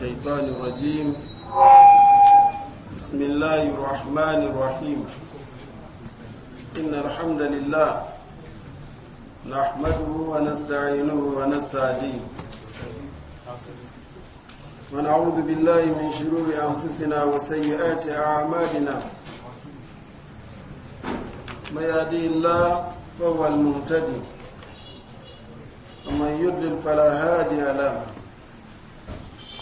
الشيطان الرجيم بسم الله الرحمن الرحيم إن الحمد لله نحمده ونستعينه ونستهديه ونعوذ بالله من شرور أنفسنا وسيئات أعمالنا ما يهدي الله فهو المهتدي ومن يضلل فلا هادي له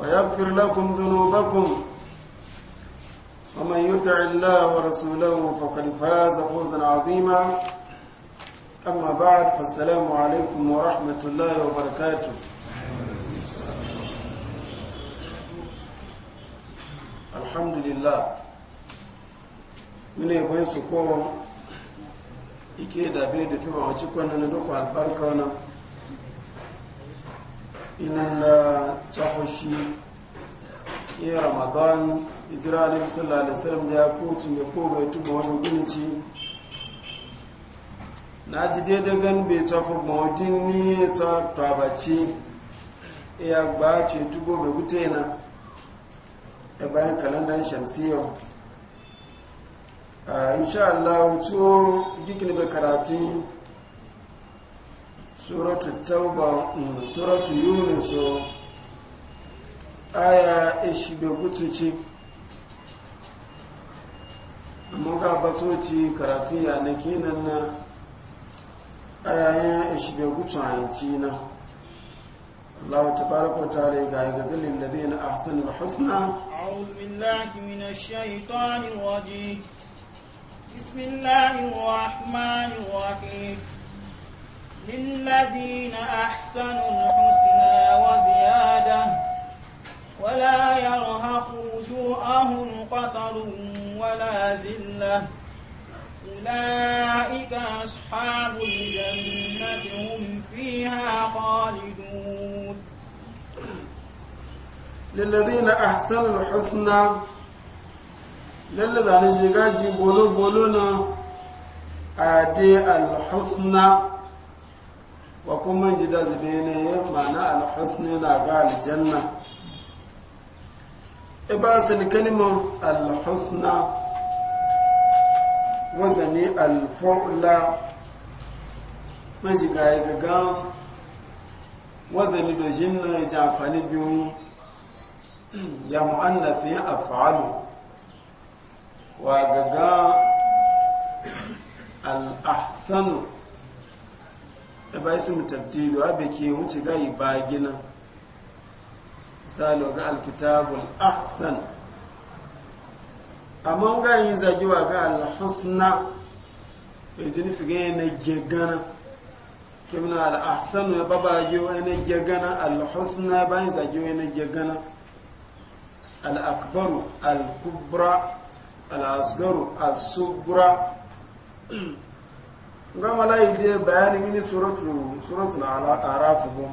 ويغفر لكم ذنوبكم ومن يطع الله ورسوله فقد فاز فوزا عظيما أما بعد فالسلام عليكم ورحمة الله وبركاته الحمد لله من يبوين سكوم ike da bane da fi mawaci kwanan da duk albarka wannan da tsahoshi ya ramadan idira da sallallahu alaihi da ya kuci da ko bai tuba wani gunici na ji daidai gan bai tsafa mawutin ni ya ta bace ya ba ce tugo bai wuta yana da bayan kalandar shamsiyar insha Allah wuce gikin da karatun suratu tauba suratu yunus aya ishi be gutuci mun ga batoci karatu ya ne kinan na aya ya ishi be gutu a yanci na Allah ta fara kwata da ga ga dalil da bin ahsan wa husna a'udhu billahi minash shaitani rajim bismillahir rahmanir rahim للذين أحسنوا الحسنى وزيادة ولا يرهق وجوههم قتل ولا ذلة أولئك أصحاب الجنة هم فيها خالدون للذين أحسنوا الحسنى للذين جيجاجي بولو بولونا أدي الحسنى wa kuma gida zube ne mana alhusni na ga aljanna ibasin e kalimar alhusna wazani alfa'ula ga ya gaga wazani da jinna ya ji amfani biyu ya a afalu wa gaga al'ahsanu da ba su mutabdilu wa be ke wuce ga ba gina misali ga alkitabul ahsan amma ga zagiwa ga alhusna ya ji nufi ga na gegana kimna al'ahsanu ya baba yi na gegana alhusna bayan zagiwa na gegana al'akbaru al'kubra al'asgaru al'subra gama layi da bayani mini suratu suratu na arafu bu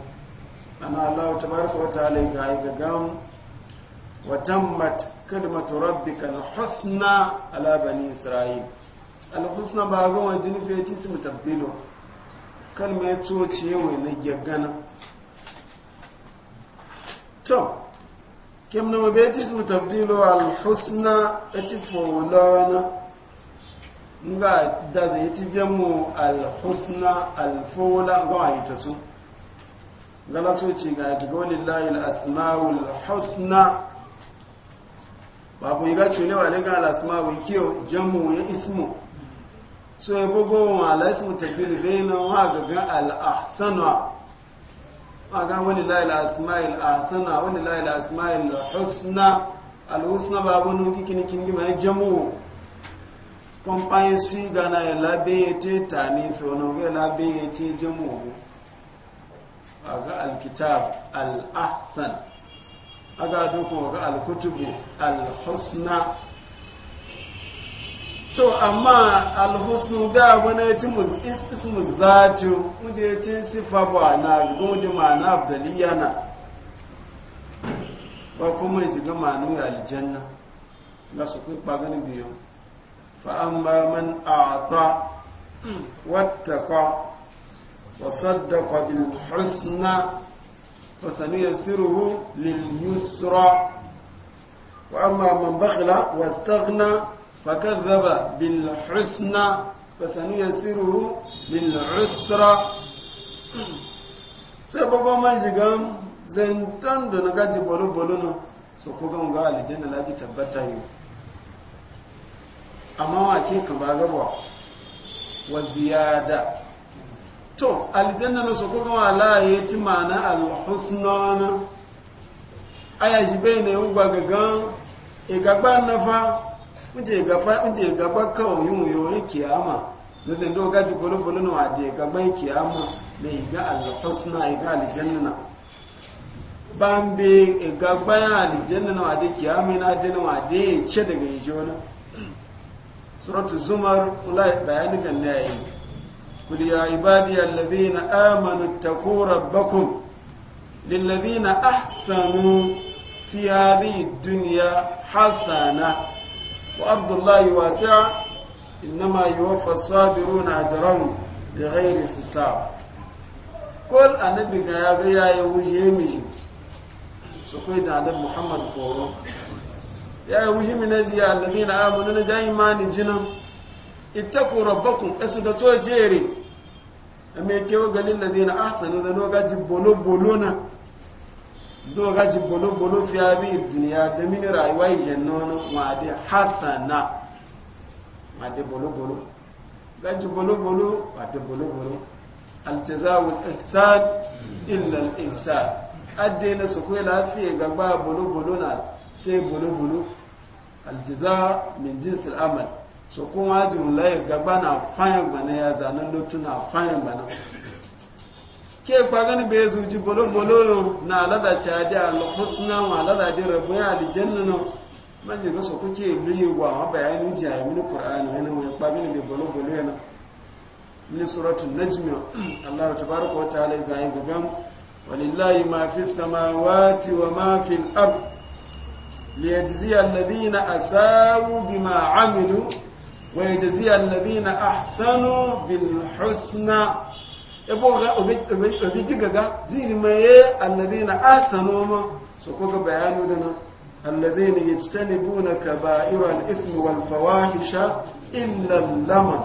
ana Allah tabaraka wa ta'ala ga ga gam wa tammat kalimatu rabbika alhusna husna ala bani isra'il alhusna ba ga wani jini feti su tabdilo kalma ya coci yawai na gyagana to kemna mabeti su tabdilo alhusna husna etifo wala nga da zai ci jamu alhusna alfola ga yi ta su galatoci ga yaki gawalin layin asma'ul husna ku yi gaci ne ne ga al'asma'ul kiyo jamu ya ismu so ya bugo wa tafiye tafiyar na wa gaga al'asana a ga wani layin Asma'ul, ahsana wani layin Asma'ul, husna al'husna babu wani kinikin gima ya jamu kɔmpaye si gana yɛ labɛn te taani fɛ o na o kɛ labɛn yɛ te aga o bɛ a ka al-ahsan aga ka do kun al-husna to amma al-husnu da wani ya ci ismu zatu wuje ya ci sifa ba na gudu ma'ana abdaliya na ba kuma ya shiga ma'anu aljanna na su kai biyu فأما من أعطى واتقى وصدق بالحسنى فسنيسره لليسرى وأما من بخل واستغنى فكذب بالحسنى فسنيسره للعسرى سبب ما man shiga zantan da na gaji bolo-bolo na su kogon ga amma wake ka ba gaba wa ziyada to aljanna na soko gama la ya ti mana alhusnana aya ji bai ne ugba gagan igagba e nafa nje gafa nje gaba ka oyun yo kiyama na zai do gaji bolo bolo na gagba gaba kiyama na iga alhusna iga aljanna bambe igagba aljanna na e wade kiyama na aljanna wade ce daga yijona suratu zumar ulai bayani kan layi kul ya ibadiy alladhina amanu taqu rabbakum lilladhina ahsanu fi hadhihi dunya hasana wa abdullahi wasi'a innama yuwaffa as-sabiruna ajrahum bighairi hisab kol anabi ga ya ga yayi wuje miji su kai da annabi muhammad foro ya yi wuji na ziya allazi na amunu na jayi mani jinan ittaku rabbakum esu da to jere a mai kewa galin lazi na asanu da doga ji bolo bolo na doga ji bolo bolo fi abi duniya da mini rayuwa yi jannonu ma de hasana ma de bolo bolo ji bolo bolo ma de bolo bolo aljazawul ihsan illa al ihsan adde na su kuwa lafiya gaba bolo bolo na sai bolo bolo aljiza min jins al'amal so kuma ajin laye gaba na fayan bana ya zanen lotuna fayan bana ke gani bai zuji bolo-bolo na alada da alhusna wa alada da rabu ya aljanna na manje ga so kuke biyi wa ma bayani ji a mini qur'ani wani wani gani bai bolo-bolo yana min suratu najm Allah tabaraka wa ta'ala ga yi gaban walillahi ma fi samawati wa ma fil ardh ليجزي الذين أساءوا بما عملوا ويجزي الذين أحسنوا بالحسنى eboga obigigaga zizimaye alladhina ahsanu ma so koga bayanu dana alladhina yajtanibuna kaba'ira al-ithm wal fawahisha illa al-lama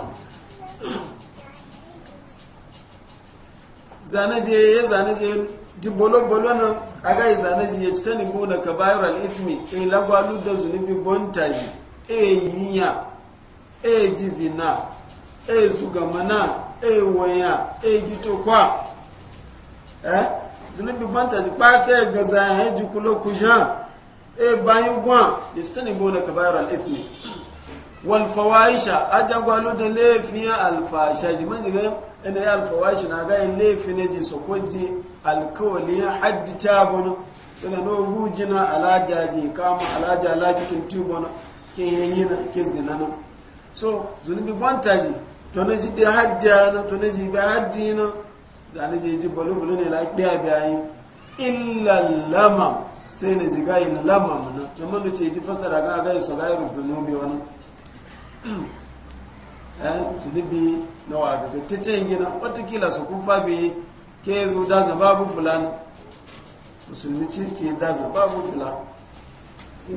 zanaje zanaje ji bolo-bolo nan a ga izane ji ya ci ta nemo na kabayar al'ismi in lagwalu da zunubi bonta ji e yiya e ji zina e zugamana e wanya e gito kwa eh zunubi bonta ji kpata ga zahe ji kulo kujan e, e bayan gwa ya ci ta nemo na kabayar al'ismi walfawaisha ajagwalu da laifin alfasha ji man jiga ina e yi alfawaisha na ga yi laifin ne ji sokoji alkawali hajji ta bono tana no hujina alajaji kama alaja alajikin tubono ke na ke zinana so zunubi vantaji to ji da hajji na to ji da hajji na zane ji ji bolo ne la kiya bayi illa lamam sai na ji ga lamam na kuma da ce ji fasara ga ga su ga rubutu bi wani eh zunubi na wa ga titin gina watakila su kufa fabe ke zo da babu fulani musulmi ci ke da za babu fulani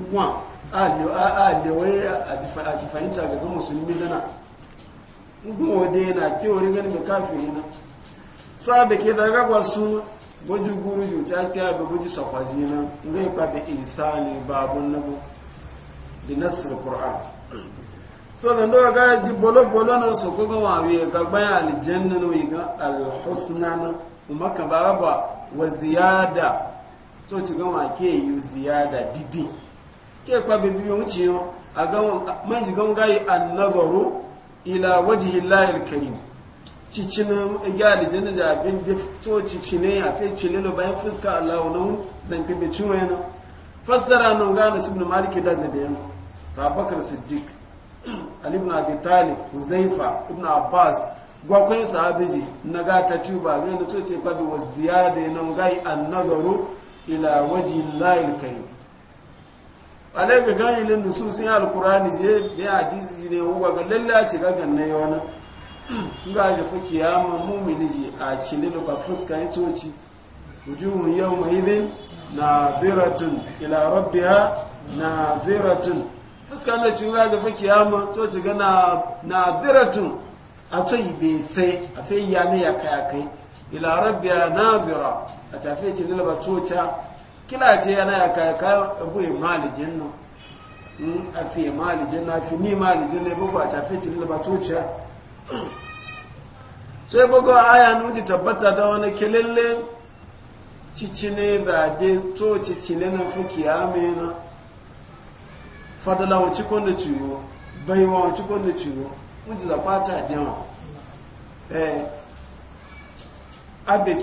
kuma a lewai a ti fahimta gaga musulmi dana kuma wade yana ke wani gani mai kafin yana sa da ke da ragwa su gwaji guru juta ta ga gwaji sakwaji na zai kwabe insani babun nabu da nasir qur'an so da ndo ga ji bolo bolo na so ko ga wawe ga bayan aljanna no yi ga alhusna na umaka baba wa ziyada so ci gama ke yi ziyada bibi ke kwa bibi yi ci yi a gama mai ji gama gayi annabaru ila wajihi lahir karim cicinin igali jini da abin da to cicine ya fi cililo bayan fuska allah wani fi bi ci yana fassara nan gane su ibn maliki da zabe yana ta bakar siddiq ali ibn abi talib huzaifa ibn abbas gwakwai sahabiji na gata tuba zai na toce fadi wa ziyada na gai an nazaru ila waji layin kai alai ga gani lin yi alkurani je da dizi ne wa ga lalla ci ga ganne yana ga je fu kiyama mu'mini ji a cilin ba fuska yin toci wujuhun yawma na ziratun ila na ziratun fuska ne cin ga je fu kiyama toci ga na ziratun a tsayi bai sai a fai ya ne ya kaya kai ila rabbiya nazira a tafi ce ba coca kila ce yana ya kaya kaya a ya malijin nan in hmm, a fi malijin na fi ni malijin na bugu a tafi ce ba coca sai bugu a aya nuji tabbata da wani kilille cicine da de coci cicine na fuki amina fadala wa cikon ciwo baiwa wa cikon ciwo mun ji zafata jama eh abe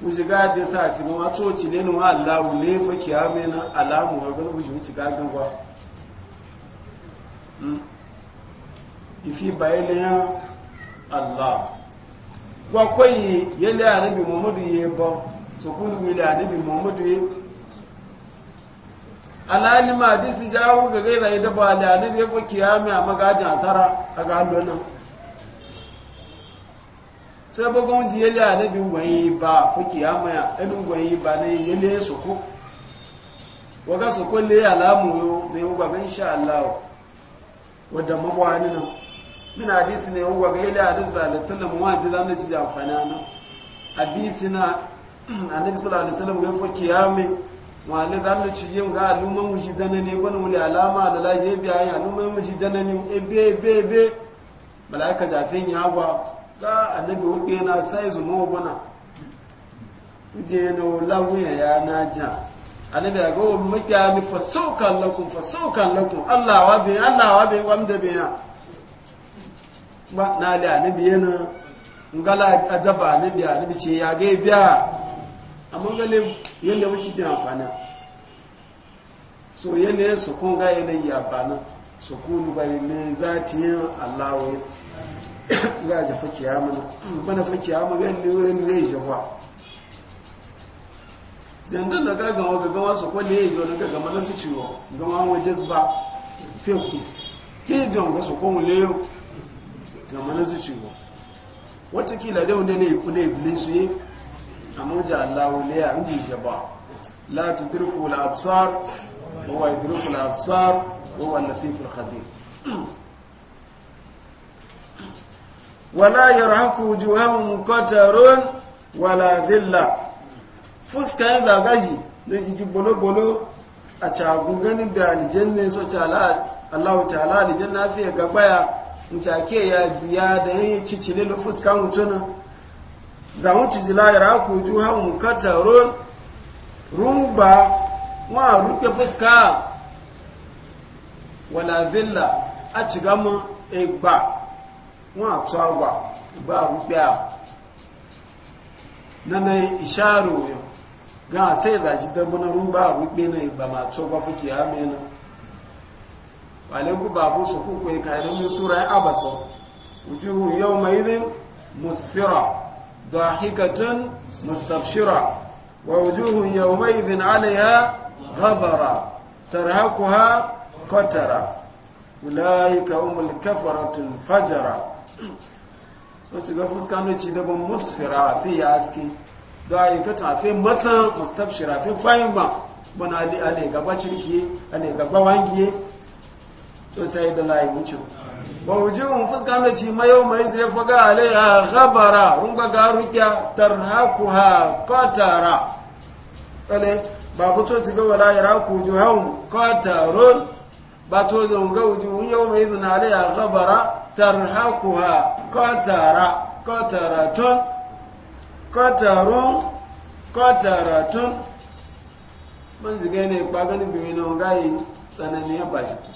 mu ji ga da sa ci ma to hmm? Allah fa kiyame na alamu ga mu ji mu ci ga ifi ya Allah wa koyi yele anabi Muhammadu yi ba so kulu wile anabi Muhammadu ye alalima disi jawo ga gaira ida ba da ne kiyami a magajin asara a ga nan sai ba ji yele ne bi yi ba fo ya e bi ba ne yele su ko waga su ko le alamu yo ne u ga insha Allah na mabwani nan min hadisi ne u ga yele a sallallahu alaihi wasallam wa na annabi sallallahu wani za da ci yin ga aluman mushi zanani wani wuli alama da laje biya ya aluman mushi shi zanani ebe ebe ebe malaika zafin ya gwa ga annabi wuɗe na sai zuma wa bana je na lawuya ya na ja annabi ga wa oh, makiya mi fasukan lakum fasukan lakum Allah wa bi Allah wa bi wa mda biya ba na da annabi yana ngala ajaba annabi annabi ce ya ga biya amma yale yale wuce jin amfani so yale su kun ga yale ya bana su kun bari ne zati yin allawo ga ja fa kiyama bana fa kiyama ya ne wurin ne da ga ga ga ga su ko ne yo ga ga mana su ciwo ga ma wa jazba fiku ke jon ga su ko yau ga mana su ciwo wata kila da wanda ne ya ne iblis yi amurja allahu liya an ji jaba la tudriku al absar wa huwa yudriku al absar wa huwa al-latif al-khabir wala yarhaku wujuhahum qatarun wala dhilla fuska ya zagaji da jiji bolo-bolo a cagun ganin da aljanna so Allah ta'ala aljanna fiye gabaya mutake ya ziya da yin kicile da fuskan mutuna zawuci dilayar ku ju hau katarun rumba wa rufe fuska wala zilla a ci gama egba wa tsagwa ba rufe a na na isharu yau ga sai da shi dabu na rumba rufe na egba ma tsagwa fuki ya mena walen ku babu su kuku ya kayan sura ya abasa wujuhu yau mai musfira dahikatan mustabshira wa wujuhun yawmaydhin 'alayha ghabara tarhaquha qatara ulaika humul kafaratu fajara so tiga fuskan ci da ban musfira fi fi fi bana gaba cirki gaba wangiye da wa wujuhum fuskan da ci mayo mai zai faga a ghabara rumba ga rukiya tarhakuha qatara ale ba bu to tiga wala yaraku hau qatarun ba to da ga wujuhum yau mai zai alaiha ghabara tarhakuha qatara qataratun qatarun qataratun man zige ne kwa ganin biwi na wanga yi tsananiyar bashi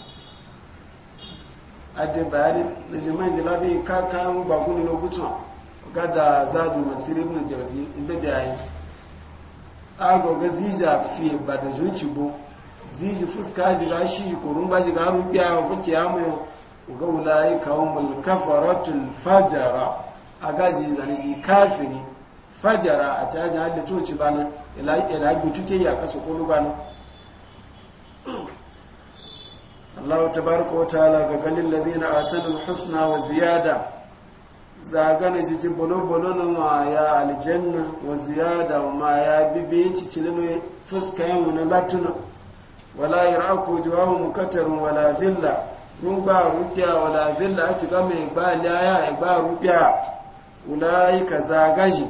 ade bayani da jami'ai jilabi kakan bagunan lokutan gada zadu masiri ibn jauzi inda da yayi agoga zija fiye ba da zuci bo ziji fuska jiga shi kurun ba jiga rubiya wa fuke ya mai ga wulayi kawon mulkafaratul fajara a gaji zane shi kafiri fajara a cajin hada coci bana ila gutuke ya kasa kolu bana Allah tabaraka wa ta'ala ga galil a sanin husna wa ziyada zagana jiji bolo bolo na ma ya aljanna wa ziyada ma ya bibiyin cicilin fuska yin na latuna wala yar'aku juwahu mukattarun wala dhilla mun ba rubiya wala dhilla a cika mai ba laya ba rubiya yi ka zagaji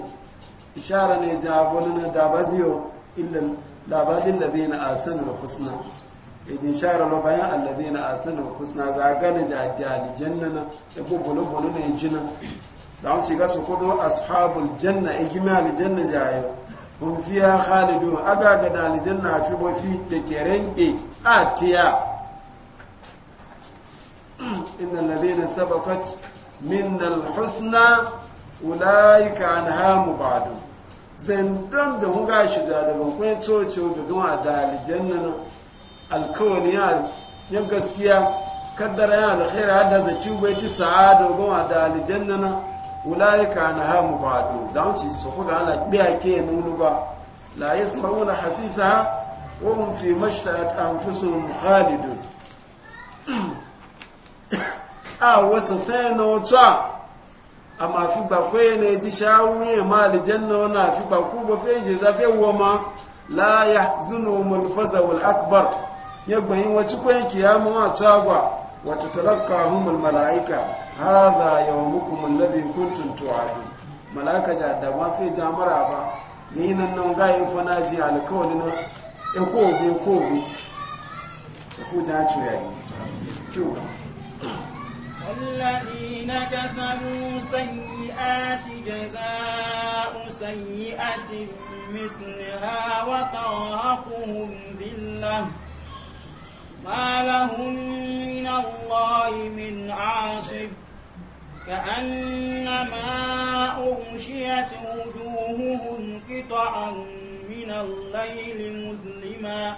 ishara ne jabo na ziyo illa labadin a sanin husna idin shara lo bayan alladhina asanu kusna e za gane ja da aljannana e bubulu bulu ne jina da on ciga su kudu ashabul janna e gima aljanna jayo hum fiha khalidun aga ga da aljanna fi bo fi de kerenge atiya innal ladhina sabaqat minnal husna ulaika anha mubadu zan dan da hunga shi da ban kun coce da gama da aljanna alkawani ya gaskiya kaddara ya alkhairi hada zaki bai ci da goma da aljanna na ulaika na ha mubadu za mu ci su kuka ana biya ke nunu ba la yasmauna hasisaha wa hum fi mashtaat anfusuhum khalidu a wasu sai na wato a fi bakwai ne ji shawuye ma aljanna wana fi bakwai ba fe zafi wa ma la yahzunu mulfaza wal akbar yagbanyi wacce kwayan kiyamun a cagwa wata talaka humul mala'ika ha za yawon hukumun labin kuntun tuwadu mala'ika da ba fi jamura ba da yi nan nan gayin fana ji alkawali na ya kobe kobe ta kuta ya ci yayi kyau الذين كسبوا سيئات جزاء سيئات مثلها وترهقهم ما لهم من الله من عاصم كأنما أغشيت وجوههم قطعا من الليل مظلما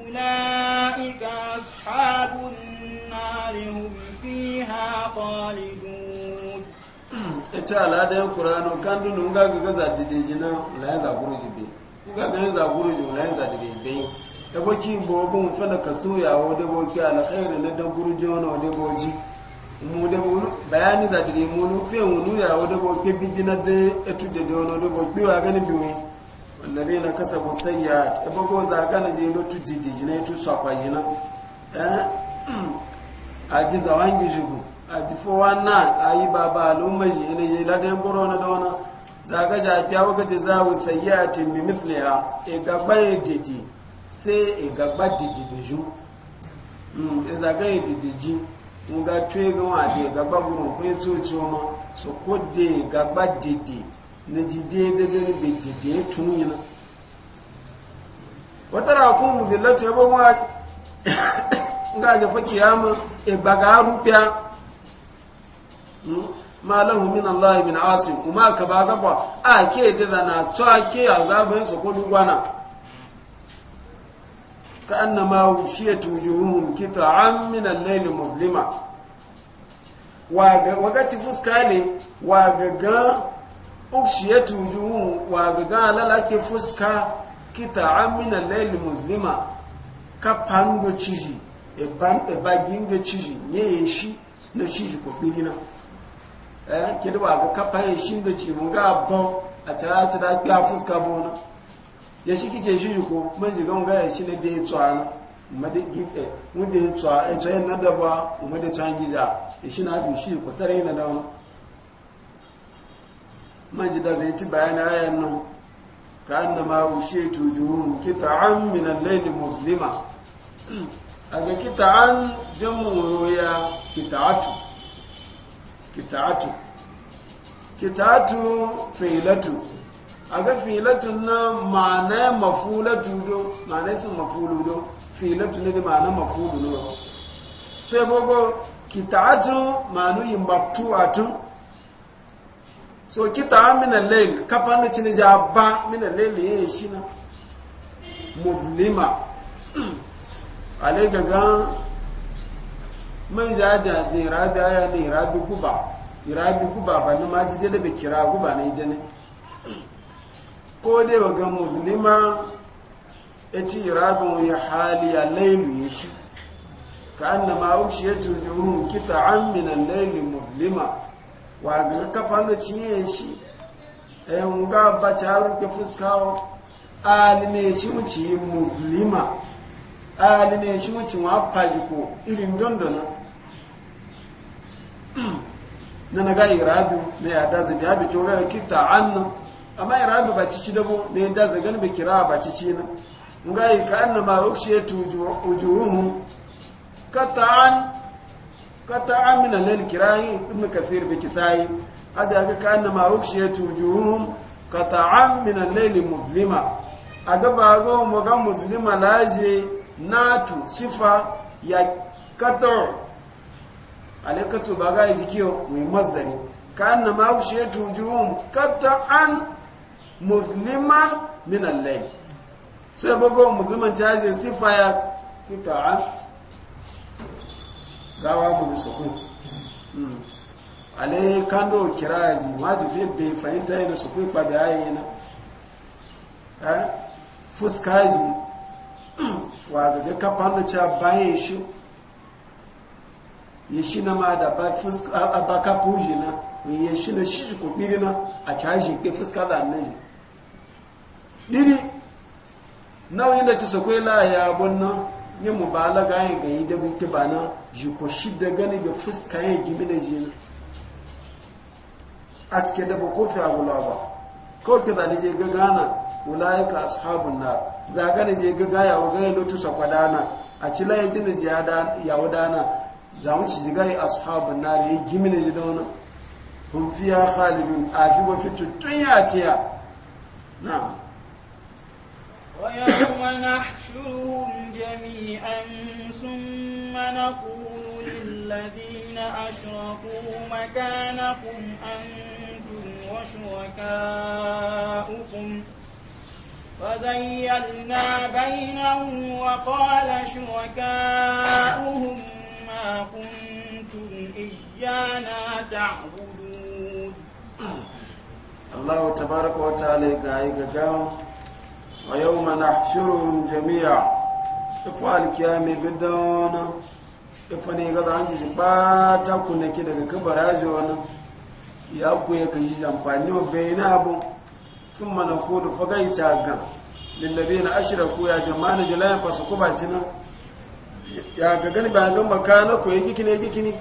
أولئك أصحاب النار هم فيها خالدون ita aladen kuranu kandu nunga gaza didejina la yanza guruji be nunga gaza guruji la yanza da baki bobon fana ka ya wa da boki alkhairi na da gurjona wa da boji mu da mu bayani za ta mu nu fe mu nu ya wa da boki bidina da etu da da wa da boki wa ganin biwe wallazina kasabu sayya e bago za kana je lotu didi jina etu sakwa jina eh aji a ji aji fo na ayi baba alumma jina yi ladan gurona da wana zaga ja ta waga da zawu sayyatin bi mithliha e gabai didi sai igagba e dididiju izaga mm, e ididiji e nga tue ga wa de igagba guru ko etutu omo so soko de igagba didi na jide dee ni be didi tun yana wata ra ko mu zillatu ya bawo nga ja fa kiyama e baga rupiya mm, ma lahu min Allah min asim kuma ba baga ba a ke da na to ake ke azabin su ko كأنما وشيت وجوههم كتعا من الليل مظلمة وقت فسكالي وقت وشيت وجوههم وقت للك فسكا كتعا من الليل مظلمة كبانو تشيجي eban ebagin ga ciji ne yin shi na ciji ko birina eh kidi ba ga kafa yin shi da ci mun ga abbo a tara tara bona ya shi kice shi ko mun ji gan gaya shi ne da ya tsana madi gibe eh, mun da ya tsaya ya tsaya na da ba mu da tangiza shi na bi shi ko sare na da mun ji da zai ci bayana ayan nan ka annama ushaytu juhum kita'an min al-layl mudlima aga kita'an jamu ya atu kita atu feilatu aga filatun na ma'ana mafula do ma'ana sun mafulu do filatun ne ma'ana mafulu do sai gogo kita'atu ma'anu yimbatu'atu so kita min al-layl kafanu cini ja ba min al-layl yin shina muzlima ale gaga man ja ja je rabi aya ni rabi kuba rabi kuba ba ne ma ji dele be kira kuba ne dene ko dai waga muslima eti irabin ya hali ya lailu ya shi ka an ma ma'aushi ya turjuhun kita an minan lailu muslima wa ga kafa na cinye shi ɗayan eh, ga ba ta rufe fuskawa ali ne shi wuce muslima ali ne shi wuce wa fajiko irin dandana na na ga irabin na yada da zabi ya kyau ga kita annan amma ira ba cici da mu ne da zagan ba kira bacici na yi ka anna ma rukshe tujuhum qat'an qat'an min al kirayi ibn kathir bi kisai aja ga ka anna ma rukshe tujuhum qat'an min al-layl muzlima aga ba go mu ga muzlima laje natu sifa ya qat'u alaikatu ba ga jikiyo mai masdari ka anna ma rukshe tujuhum qat'an musliman min al-layl so ya bago musliman cajin sifa ya kita'an gawa mu bi sukun hmm. alai kando kiraji wajibi be fahimta yana sukun kwa da yana eh fuskaji hmm. wa ga kafan da cha bayan shi ya shi na ma da ba fuska abaka pujina ya shi na shi ko birina a caji ke fuska da nan na wani da ci sakwai la ya bonna yin mu ba la gayin ga yi da buke ba na ji ko shi da gani ga fuska yin gimi da a aske da ba kofi a wula ba kawai ka zane je ga gana ka ashabun na zaga da je ga gaya wa gaya lotu dana a ci la jin da ya na za mu ci jigayi ashabun na da ya gimi da da wani fiya khalibin a fi wafi fitu tun ya ciya na'am ويوم نحشرهم جميعا ثم نقول للذين أشركوا مكانكم أنتم وشركاؤكم فزيلنا بينهم وقال شركاؤهم ما كنتم إيانا تعبدون الله تبارك وتعالى قال A yau mana shirin jami'a ifa alkiyami bidon ifa ne ga zan ji ba ta kunaki daga kabara ji wani ya kuya kan ji amfani wa bayan abu sun mana kudu fagai cagan lillabi na ashiraku ya jama'a na jilayen fasa kubaci nan ya ga gani ba ga makanako ya gikini ya gikini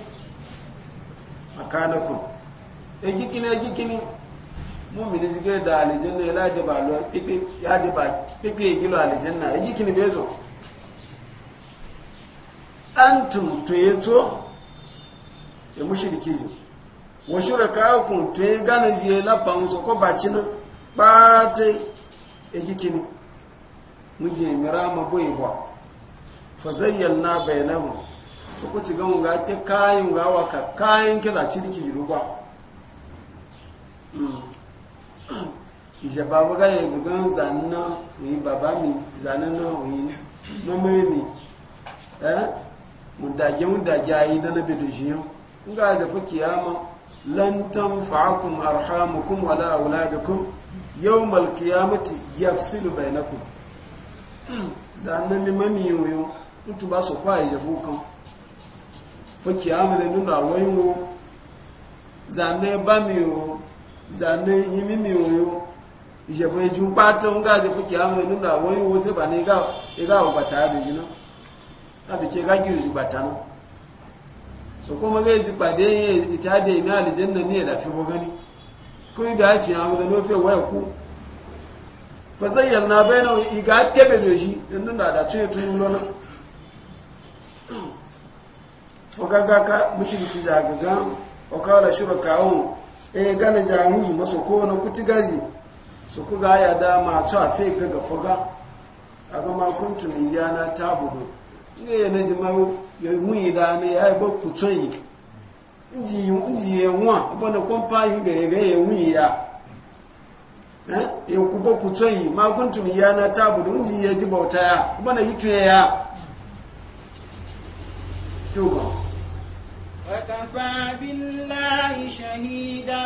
makanako ya gikini ya gikini mumini zike da alijanna ya laje ba lo pipi ya de ba pipi gilo alijanna ji kini bezo antum to yeto ya mushriki wa shurakaakum to ye gana je la panso ko ɓata bate ji kini muje mirama boye ba fazayyalna bainahum so ko ci gamu ga ke kayan gawa ka kayan kiza ci dikiji ruwa hmm. ìjọba wọ́gá yẹn gbogbo ń zànú náà òyì bàbá mi zànú náà òyì mọ́mọ́ mi ẹ́ mùdàjẹ́ mùdàjẹ́ ayé dáná bèdè ṣìyàn ń gbà àzẹ fún kìyàmọ́ lantan fàákùn arhamukum wàlá àwòlábẹ̀kùn yau mi ń tún bá sọ̀kọ́ kan fún kìyàmọ́ àwọn yìí wo bá mi yìí mímí ìṣẹ̀fún ẹjú pátá ń gáàjẹ́ fún kìá mọ̀ nínú àwọn ìwò sí bà ní ẹgá bàtà àbèjì náà láti kí ẹgá gírì bàtà náà sọkọ́mọ́ lè ti pàdé ìtàdé iná àlejẹ́ náà ní ẹ̀dà fi wọ́gán ní kó ìdá àti àwọn ọmọdé ló fẹ́ wọ́ ẹ̀kú fẹsẹ̀yẹ̀ náà bẹ́ẹ̀ náà ìgá tẹ́bẹ̀ lòyí nínú àdàtún ètò ìlú lọ́nà ọgágáká mùsùlùmí su ku ga ya da ma cewa fe ga gafuga a ga ma kuntum iyana tabudu ne ya na jima ya wuni da ne ya yi ba inji yi inji ya nwa ba kwamfa yi ga ya ga ya wuni ya eh, ya ku ba kutun yi ma kuntum iyana tabudu inji ya ji bauta ya ba na yi tuye ya tuba وكفى بالله شهيدا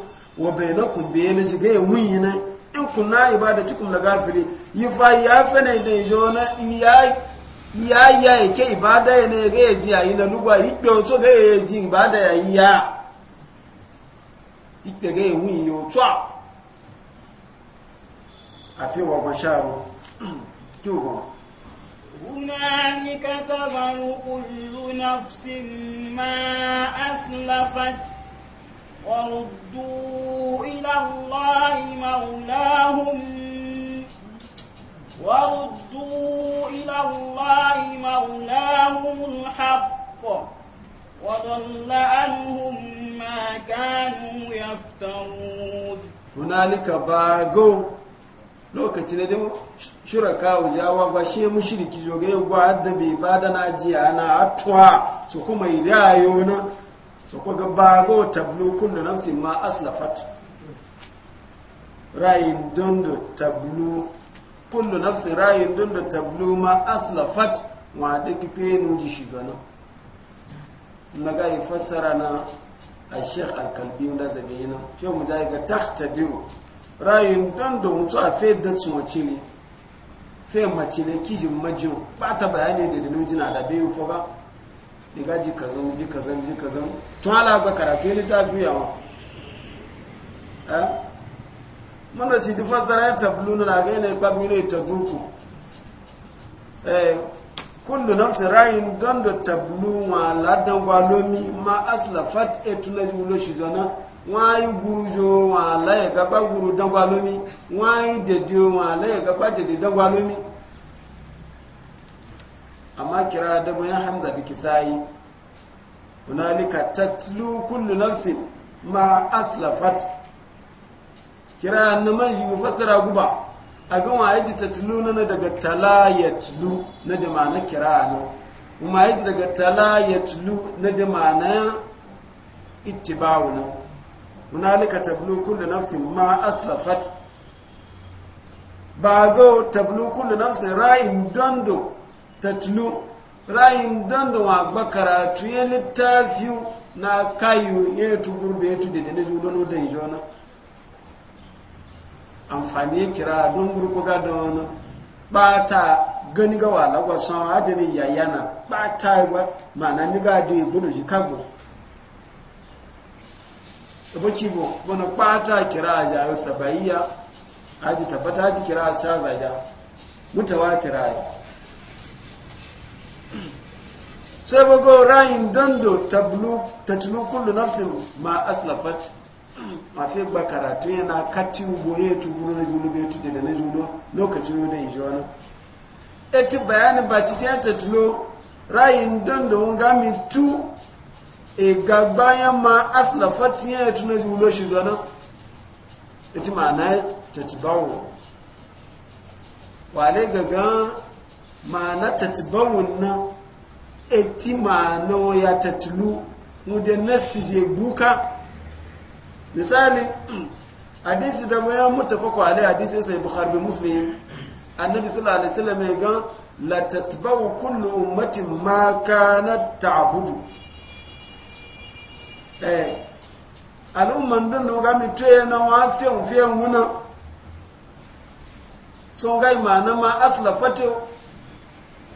wa bainakum bi yana jiga ya wunyi na in kunna ibadatikum la gafili yifa ya fene da jona ya ya ya ke ibada ya ne ga ya ji ayi na lugwa hiddo so ga ya ji ibada ya ya ikpe ga ya wunyi yo twa afi wa basharo kyugo هنالك تبر كل نفس ما أسلفت وردوا إلى الله مولاهم وردوا إلى الله مولاهم الحق وضل عنهم ما كانوا يفترون هنالك باغو lokaci da dai shuraka wujawa ba shi mushriki jogaye gwa da bai bada na jiya na atuwa su kuma yi so ko ga bago tablu kullu nafsin ma aslafat rayin dundu tablu kullu nafsi rayin dundu tablu ma aslafat wa da kife nu ji shi gano na ga fassara na a sheikh alkalbi da zabe yana ke mu da ga takta biyu rayin dundu mutu a fe da tsoci ne fe mace ne kijin majiyo ba ta bayani da dinujina da biyu fa ba daga ji kazan ji kazan ji kazan tun ala gba karatu yi littafi yawon yawa eh? mana ci ti fasara ya tablu na ga yana ikpa mire ta zuku eh, kullu nafsin rayin don da tablu ma ladan gwalomi ma asila fat e aslafat etuna wulo shi zana wọ́n á gúrú jo wọn àlẹ́ ẹ̀gápá gúrú dọ́gba lómi wọ́n á dèdè wọn àlẹ́ ẹ̀gápá dèdè dọ́gba amma kira da bayan hamza bi kisayi hunalika tatlu kullu nafsin ma aslafat kira na man yi fasara guba a gama yaji tatlu na daga tala ya tulu na da ma na kira na kuma yaji daga tala ya tulu na da ma na ittibawu na hunalika tablu kullu nafsin ma aslafat ba ga tablu kullu nafsin ra'in dondo tatlu rayin don da karatu ya littafi na kayu ya yi tubur da ya tude da na julano da ijona amfani kira don gurku ga da wani ba ta gani ga wala wasan adini yayana ba ta yi wa mana ni ga da shi kagbo kira a jayar sabayiya aji tabbata aji kira a mutawa tirayi sai bago rayin dando ta tulu kullu nafsin ma aslafat ma fi ba karatu yana kati boye tuguru na julu bai tuɗe da na julu lokacin da ijo wani eti bayanin ba ci tiyan ta tulo rayin dando wunga mi tu e gagbayan ma aslafat yana tuna julu shi zuwa eti ma'ana ta tubawo wale gaga na ta tubawun na. eti ma'ana ya tatulu mu da nassi je buka misali hadisi da mai ko ale hadisi sai bukhari muslim annabi sallallahu alaihi wasallam ya ga la tatba'u kullu ummatin ma kanat ta'budu eh al'umman din no ga mi tuye na wa fi fiyan wuna so ga imana ma aslafatu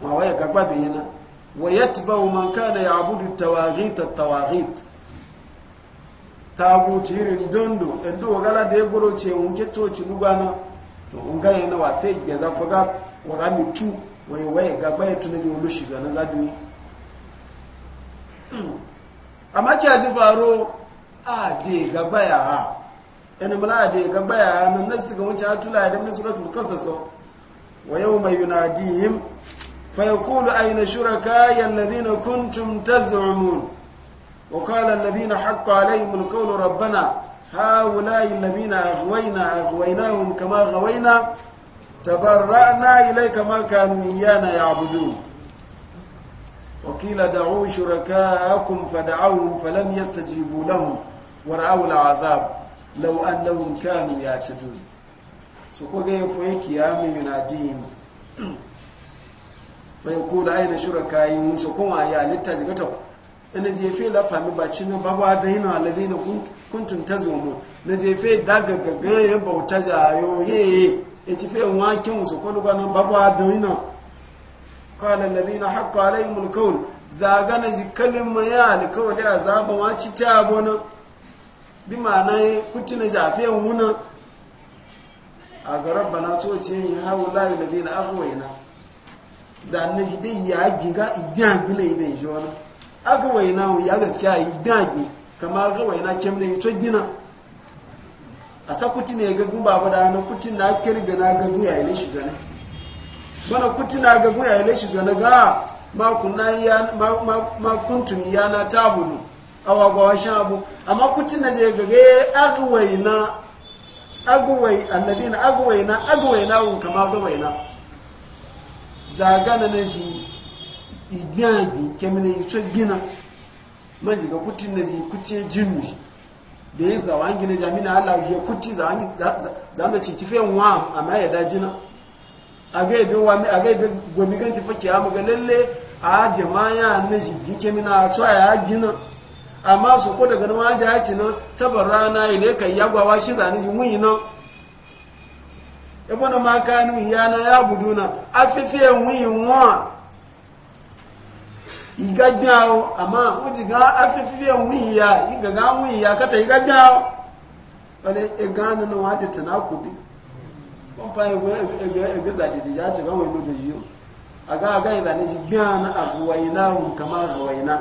ma waya gagba be yana wa yatba'u man kana ya'budu tawaghit at-tawaghit tagu tirin dondo endo gala de goro ce unke to ci lugana to unga yana wa fe ga za faga wa ga mi tu wai waye gagba ya tunaji wolo shi ga na zadu amma ki aji faro a de gagba ya ha ene mala de gagba ya nan nasu ga wancan atula da min suratul qasas wa yawma yunadihim فيقول أين شركاي الذين كنتم تزعمون وقال الذين حق عليهم القول ربنا هؤلاء الذين أغوينا أغويناهم كما غوينا تبرأنا إليك ما كانوا إيانا يعبدون وقيل دعوا شركاءكم فدعوهم فلم يستجيبوا لهم ورأوا العذاب لو أنهم كانوا يعتدون سكوغي فويك يا من الدين fa yakulu ayna shurakai musu kuma ya litta jigata ina jefe la fami ba cinu ba ba da yana alladhina kuntum tazumu na jefe daga gaga ya bauta jayo ye e ci fe wakin musu ko duka nan ba ba da yana qala alladhina haqqa alaihim alqawl zaga na ji kalma ya da azaba wa ci ta na bi ma'ana kutina jafe wuna a ga rabbana tsoci haula alladhina aghwayna zane shi dai ya giga idan gile ne shi wani aka waina ya gaskiya yi gi kama aka waina kem ne to gina a sa kuti ne gagu gumba ba da hannu kuti na kirga na gagu ya ile shi zane bana kuti na gagu ya ile shi zane ga makuntun ya ya na tabulu a ga washan abu amma kuti na je ga ga eh, aka waina agwai na agwai na agwai na kama ga na. zagana na shi igbiyagi kemina yi co gina maji ga kuti na ji jinu shi da yin zawangi gina jamina ala ya kuti zawangi zanda ci ci fiyan wa amma ya da jina a ga ebe wa a ga ebe gomi gan ci fake amma ga lalle a ya na shi gi kemina a so ya gina amma su ko daga nan ma ji haci nan tabarra na ile kai yagwawa shi zane yi mun yi nan ebona makanu yana ya buduna afefe wi won igagbao ama uti ga afefe wi ya igaga wi ya kata igagbawo wale egana na wade tanakudi pompa ewe egeza di ya ce gawo ilu de yo aga aga idane shi gbiyana agwainahum kama agwaina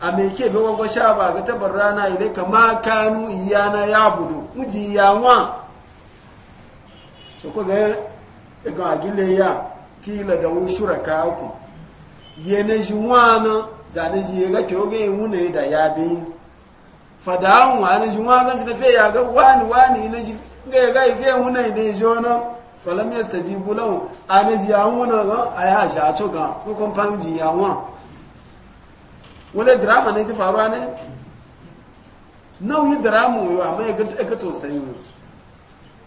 a mai ke bai gwagwa sha ba ga tabar ile kama kanu iyana ya budu uji wa so ko ga ga gile ya kila da ushura ka ku yene jiwana zane ji ga toge wune da ya bi fadawan wani jiwa ga ji fe ya ga wani wani ne ji ga ga fe wune da jona falam yastajibu lahu ana ji an wuna ga aya sha to ga ko kon ji ya wa wala drama ne ji faruwa ne nauyi drama yo amma ga ga to sai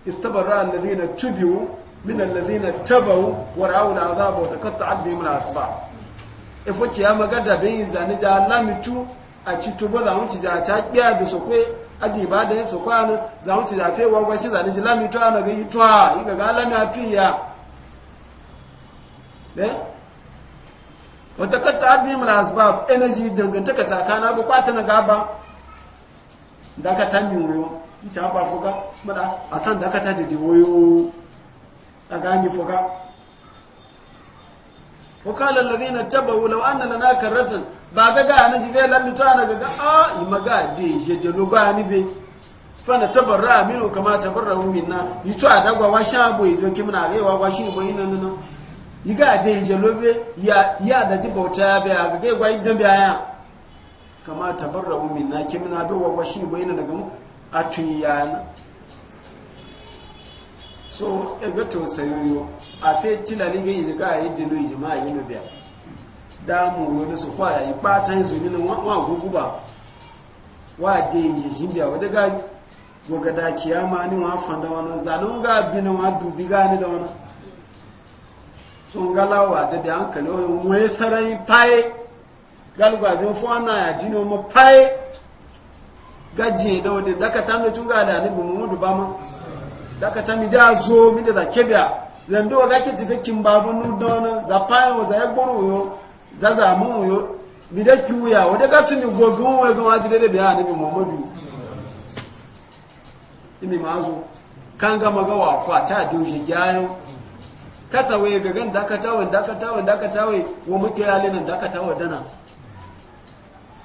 ittabarra الذين tubiu من الذين tabau ورعوا العذاب al'azaba بهم taqatta'at bihim al'asbab ifo kiyama gada bin zani ja lamitu a citubo za mu ci ja ta kiya da sokwe aji ibada yin su kwanu za mu ci zafe wa gwashi zane ji lami a na gani tuwa yi ga galami a fiya ne eh? wata kata admi energy dangantaka tsakana ba kwata na gaba da ka tambi wuro nci haɓa fuka mada a san da aka ta didi woyo a gani fuka wakala na taba wula an nan na karratan ba ga ga na jife lamito ana ga ga ah, a yi maga de je de lo ba ni be fana tabarra aminu kama tabarra na yi to a dagwa wa sha bo yi zo kimna ga wa wa shi bai yin nan nan yi ga de je lo be ya ya da ji bauta be a ga ga wa yi dan be aya kama tabarra minna kimna be wa wa shi bai yin nan ga mu atun yana so ebe to sayoyo a fe tilali ga yi ga yi dinu yi no biya da mu wani su kwa yi patan zuni na wa gugu ba wa de yi biya wa daga goga da kiyama ni wa fanda wani zanen ga binin wa dubi gani da wani sun galawa da da hankali wani sarai paye galuga fuwa na ya jini wani paye gaji da wadda daga ta mai tunga da ni bumu mudu ba ma daga ta mi da zo mi da zake biya zando ga ke jiga fikin babu nu dona za wa za yagboro yo za za mu yo mi da wa wadda ka tun gogun wa ga wati da biya ni muhammadu imi zo kan ga maga wa fa ta doje yayo kasa waye ga gan dakatawa dakatawa dakatawa wa muke yalinan dakatawa dana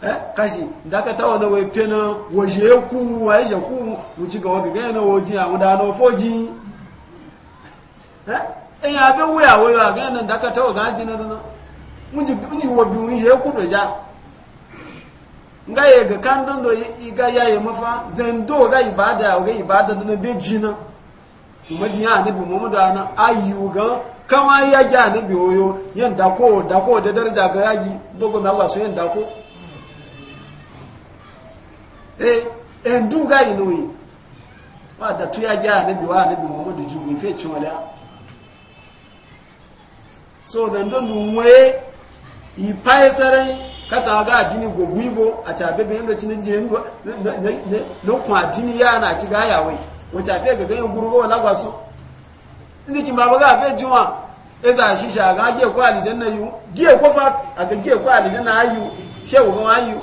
Eh, kashi da ka tawa na wai pena waje ya ku waye ya ku mu ci gaba ga na waje a da na foji eh ya be wuya waya ga nan da ka tawa ga ji na na mu ji ni wa bi mun ya ku do ja nga ye ga kan don do ga ya ye mafa zendo ga ibada ga ibada na be ji na kuma ji ya nabi muhammadu ana ayu ga kama ya ga nabi oyo yan da ko da ko da daraja ga yaji dogo na Allah so yan da ko ee eh, eh, ndu duga inoyi wa da tuya ja ne biwa ne bi Muhammadu jugu fe ci wala so dan don nwe i ga jini go gwibo a ta bebe ndo tinin je ndo no kwa jini ya na ci ga yawe wata fe ga ganin gurbo wala gwaso ndi kin baba ga fe juwa eza shisha ga ge ko alijanna yu ge ko fa ga ge ayu ga ayu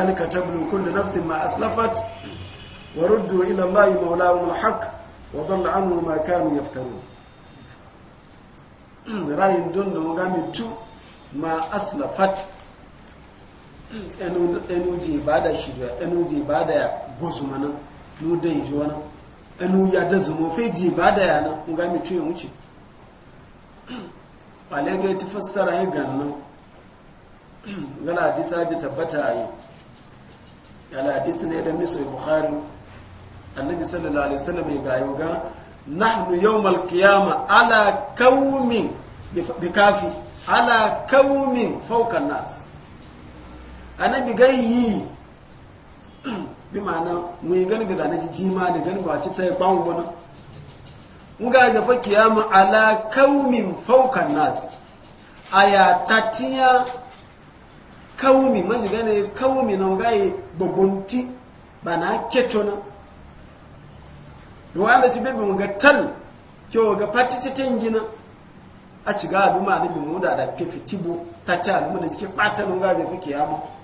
ذلك tablu كل نفس ma aslafat وردوا إلى الله allahi mawlahum alhaq wa dhalla ma kanu rayin don da ngami tu ma aslafat enu enu ba da shi enu ji bada gozumana nu dan ji wana enu ya da zumo fe ji bada ya na ngami tu ya wuce ga ya gana ji tabbata yi yana hadisi ne da misri bukhari annabi sallallahu alaihi wasallam ya gayo ga nahnu yawmal qiyama ala qaumin bi kafi ala qaumin fawqa nas annabi yi bi ma'ana mu yi gani da nasi jima ne gani ba ci ta yi kwanwo wani ya shafa kiyama ala qaumin fawqa nas aya tatiya kawumi mazi gane kawumi na ngai bobonti bana ketona duwala ci bebe mu tal kyo ga patiti tengina a ci ga abu da bi muda da ke fitibo ta ci al'umma da suke bata nun ga fi kiyama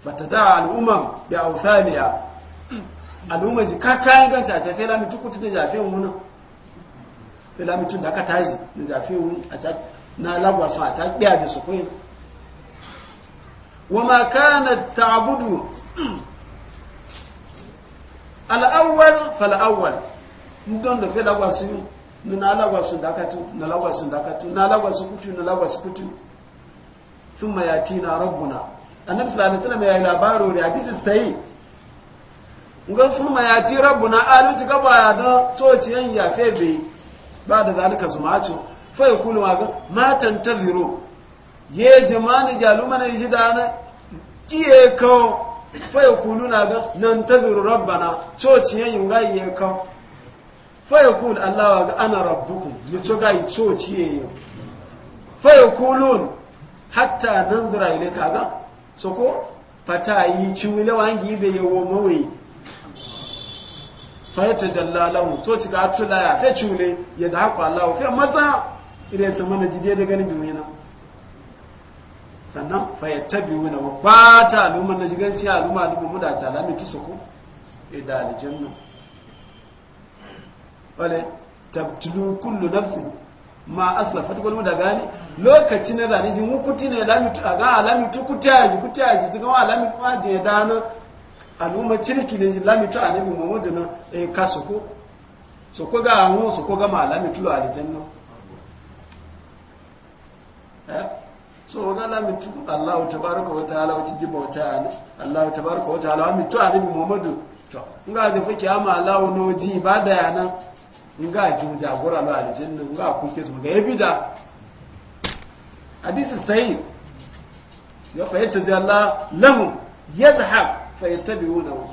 Fata fatada al'umma da awthaniya al'umma ji ka kayan ganta a tafiya lami tukutu da zafi mun fela mi tun da aka tazi da zafi mun a na lagwa su a ta biya da su kuyi وما كانت تعبد الاول فالاول ندون دفع لغواسو ننالغواسو داكتو نالغواسو داكتو نالغواسو كتو نالغواسو كتو ثم ياتينا ربنا النبي صلى الله عليه وسلم يا لابارو ديس السيء ngon fuma ya ci rabbuna aluci gaba ya da tociyan ya febe ba da zalika su maco fa yakulu ma ma tantazirun ye jamani jaluma na yi dana kiye kawo faya kunu na ga nan ta zuru rabbana coci ya yi iya iye kawo faya kunu allawa ga ana rabbuku ya co ga yi coci ya yi faya kunu hatta nan zura ile ka ga so ko fata yi ciwile wangi ibe yi wo mawai faya ta jalla lahu coci ga atula ya fe ciwile ya da haku allawa fe matsa ire tsammanin jide da ganin bimina sannan fayattabi wani wa ba ta al'umma na jiganci al'umma al'umma muda ta lami tusa ku ida aljanna wale tabtulu kullu nafsin ma asla ta mu da gani lokaci na zane jin hukuti ne lami a ga alami tu kutaji kutaji ta gama alami kuma je ya dana al'umma cirki ne jin lami tu a nabi muhammadu na eh, ka su ku ga hannu su ku gama alami tu a aljanna eh? so ga la mitu Allah tabaraka wa ta'ala wa tiji bauta Allah tabaraka wa ta'ala wa mitu annabi Muhammadu to nga zai fuki kiyama Allah no ji ibada yana nga ju jagora lo aljanna nga ku ke su ga ibida hadisi sahih ya fa ji Allah lahu yadhhab fa yattabi'unahu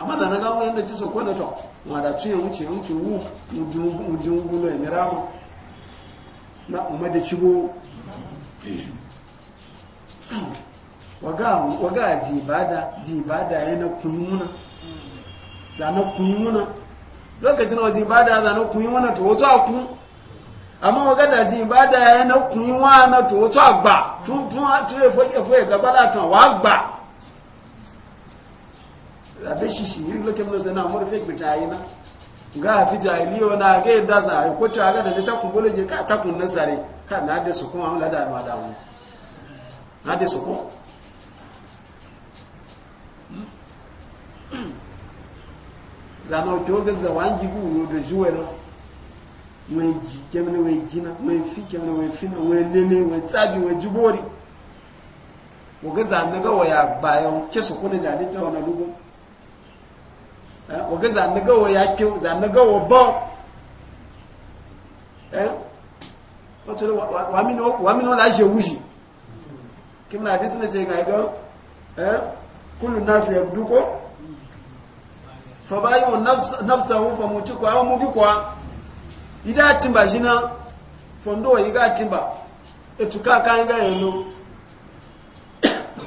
amma da na ga wanda ji so ko na to ma da ci wuce wuce wu mu ju mu ju mu ne mirama na umade cibo eh. na jibada jibada yana kunyuna zana kunyuna lokacin wa ji jibada zana kunyuna to wato a kun amma waga da ji bada ya na to wato a gba tun tun a tun efo efo ya gaba da wa gba abe shishi yi lokacin na zana amurfe gbita yi na ga fi jahiliyo na ga yadda za a yi ko ta ga da ta kun bolo je ka ta kun sare ka na da su kuma wala da ma da mu na da su kuma zana to ga zawan gigu do juwela mai ji kemne mai na, mai fi kemne mai fi na mai lele mai tsabi mai jibori ko ga zana ga waya bayan ke su kuna jahilta wannan lugu oge eh, zanagowo ya kyau zanagowo eh, na ga ya fa nafsa fa mutu mugi kwa timba timba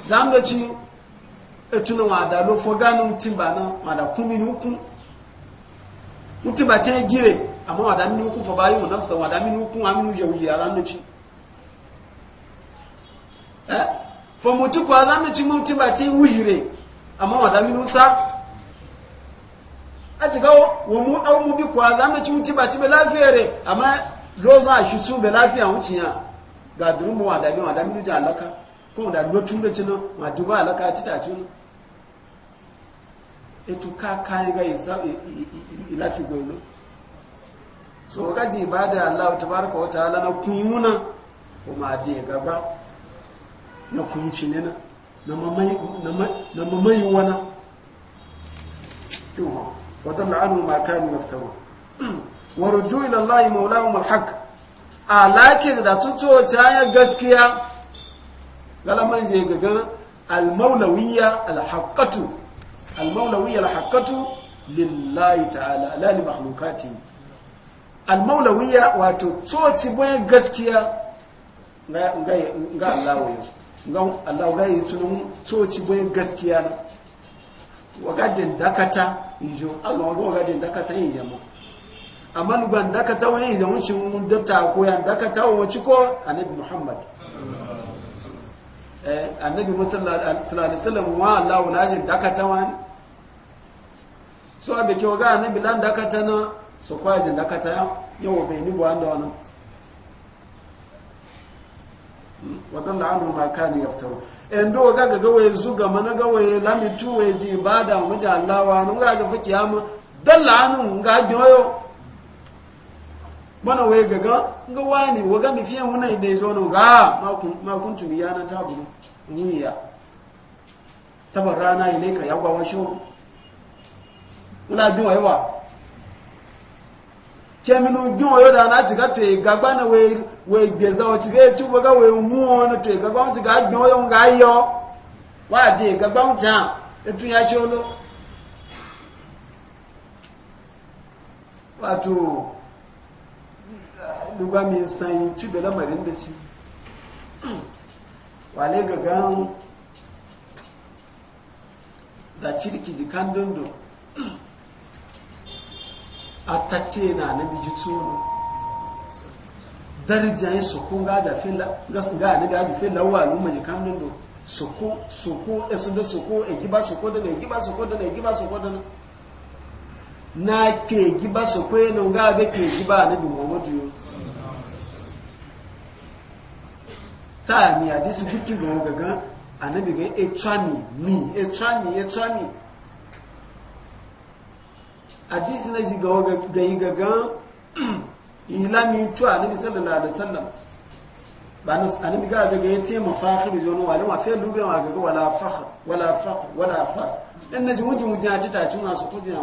ga etuna wada lo foganu mtimba na wada kumi ni huku ba tene gire ama wada mini huku fa bayi mu nafsa wada mini huku aminu je uje ala nchi eh fo mutu kwa ala nchi ba ti ujire ama wada mi n'usa ati gawo wo mu au mu bi kwa ala nchi mtimba ti be lafere ama lozo ashutu be lafiya wuciya ga durumu wada mini wada mini je alaka ko da lo tun da cinu ma duba alaka ti ta tun etu ka kayi ga isa ilafi gwelo so gaji ibada Allah tabaraka wa ta'ala na kuimuna kuma gaba na kunci ne na na mamai na wana tuwa wa ma yaftaru wa ruju ila Allah alhaq da tuto ta ya gaskiya galaman almaulawiyya المولوية الحقة lillahi تعالى لا li المولوية واتو wato tsoci bayan gaskiya ga ga Allah ga Allah ga yi bayan gaskiya wagadin dakata yijo Allah ga wagadin dakata yin jama amma lugan dakata wani zaman mun dabta ko dakata wa ci annabi Muhammad eh annabi sallallahu alaihi wasallam wa Allah dakata wani so da kyau ga na bilan da kata na su kwajin da kata ya wa bai nubuwa da wani wadanda an ma ka ne yaftaru en do ga ga gawaye zuga mana gawaye lami tuwe ji ba da ji Allah wa nun ga ga fi kiyama dalla anu ga joyo bana waye gaga ga wani waga mi fiye wuna da zo no ga ma kun ma kun taba rana yi ne ka ilayka yagwa wa na bi wa keminu bi na tiga to gagba na we we gbeza o tu baga we mu ona to gagba o tiga gbon yo wa de gagba o jan etu ya cholo mi san wale gagan za cirki jikan dundu atace na na biji tsono darajan soko ga da fela ga ne ga da fela wa kan din do soko soko esu da soko e giba soko da e giba soko da e giba soko da na ke giba soko ne ga be ke giba na muhammadu yo ta mi hadisi kiki ga ga anabi ga e mi e chani e hadisi na jiga ga gayi gagan ilami a nabi sallallahu alaihi wasallam ba nan annabi ga daga tema mafakhir da wala ma wafe lube wa gaga wala fakhr wala fakhr wala fakhr dan naji muji muji ta ta tuna masu kuji na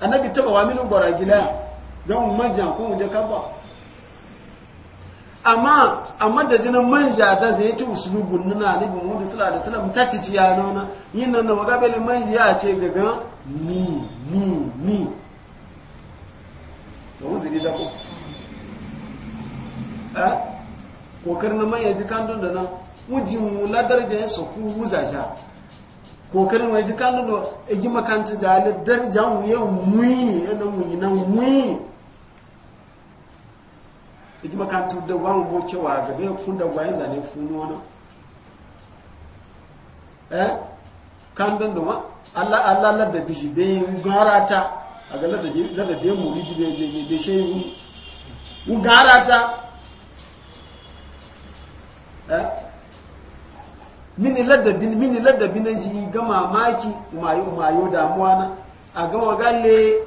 a nabi taba wa minu gila don manja ko wuje kaba amma a da jinan manja da zai ta usulubun nuna nabi muhammad sallallahu alaihi wasallam ta ci ciya nuna yin nan na magabalin manja ya ce gagan ni wuu wuu to wuzuri da ko a kokar na mai yaji kandun da nan wujin mula darajar su ku wuza sha kokarin ji kandun da egi makanta jale darajar mu yau muyi yana muyi nan muyi egi makanta da wani bokewa gaba ya da gwayin zane funu wani eh kan don da Allah Allah la da bishi be garata a ga la da la da be muridi be be be shehu u garata eh mini bin mini ladda bin ji ga mamaki umayo umayo da muwana a ga magalle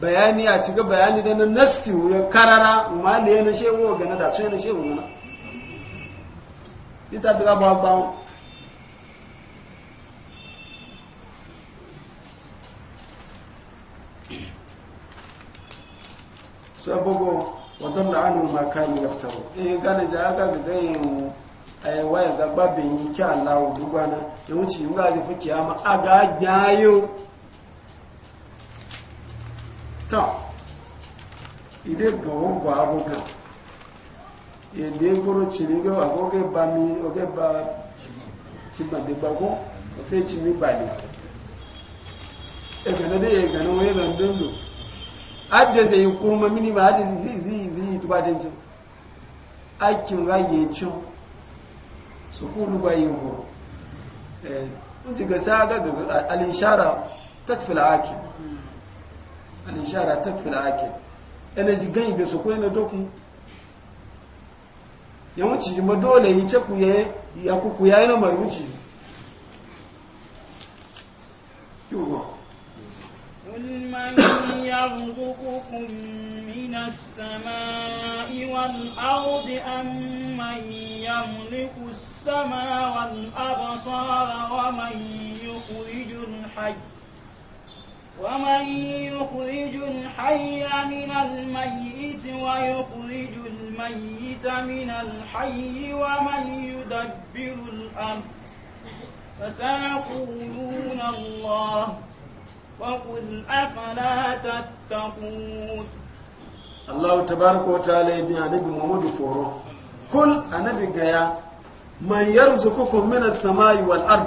bayani a ci ga bayani da nan nassi ya karara umale na wo ga na da tsoye na wo na ita da ba ba so bogo wadanda anu ma kani yaftaru eh gane ja ga ga yin ai waya ga babe ki Allah dugana ya wuce yin ga ji fuki ama aga yayo ta ide go go aboga ede goro chiri go aboga ba mi oge ba ti ba de gbago o fe chi mi bale e gane de e gane we ran adda zai kurma mini ma adda zai zai zai tuba da jin aikin rayin cin su kulu ba eh ga sa ga ga al inshara takfil aki al inshara takfil aki ene ji gani be su ko doku yawanci jima dole yi ce ku ye ya ku ku yayin maruci yugo قل من يرزقكم من السماء والأرض أم من يملك السماء والأبصار ومن يخرج الحي ومن يخرج الحي من الميت ويخرج الميت من الحي ومن يدبر الأمر فسيقولون الله فقل أفلا تتقون الله تبارك وتعالى يدين نبي محمد فورو قل النبي قيا من يرزقكم من السماء والأرض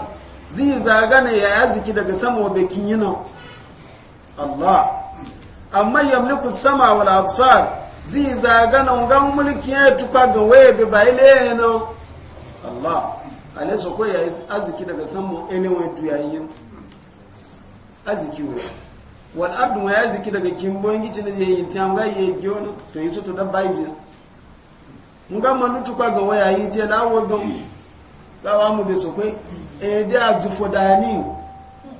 zai zagana ya yaziki daga sama wa bakin Allah amma yamliku sama wal absar zai zagana ga mulki ya tuka ga waye bai le Allah ale ko ya aziki daga sama ene wa yayin aziki wo wal ardu ma yaziki daga kimbon gici ne je yin tanga ye gyono to yi soto da bai je nga manu tukwa ga waya yi je na wo ga ga mu be sokwe e de aju fo da ni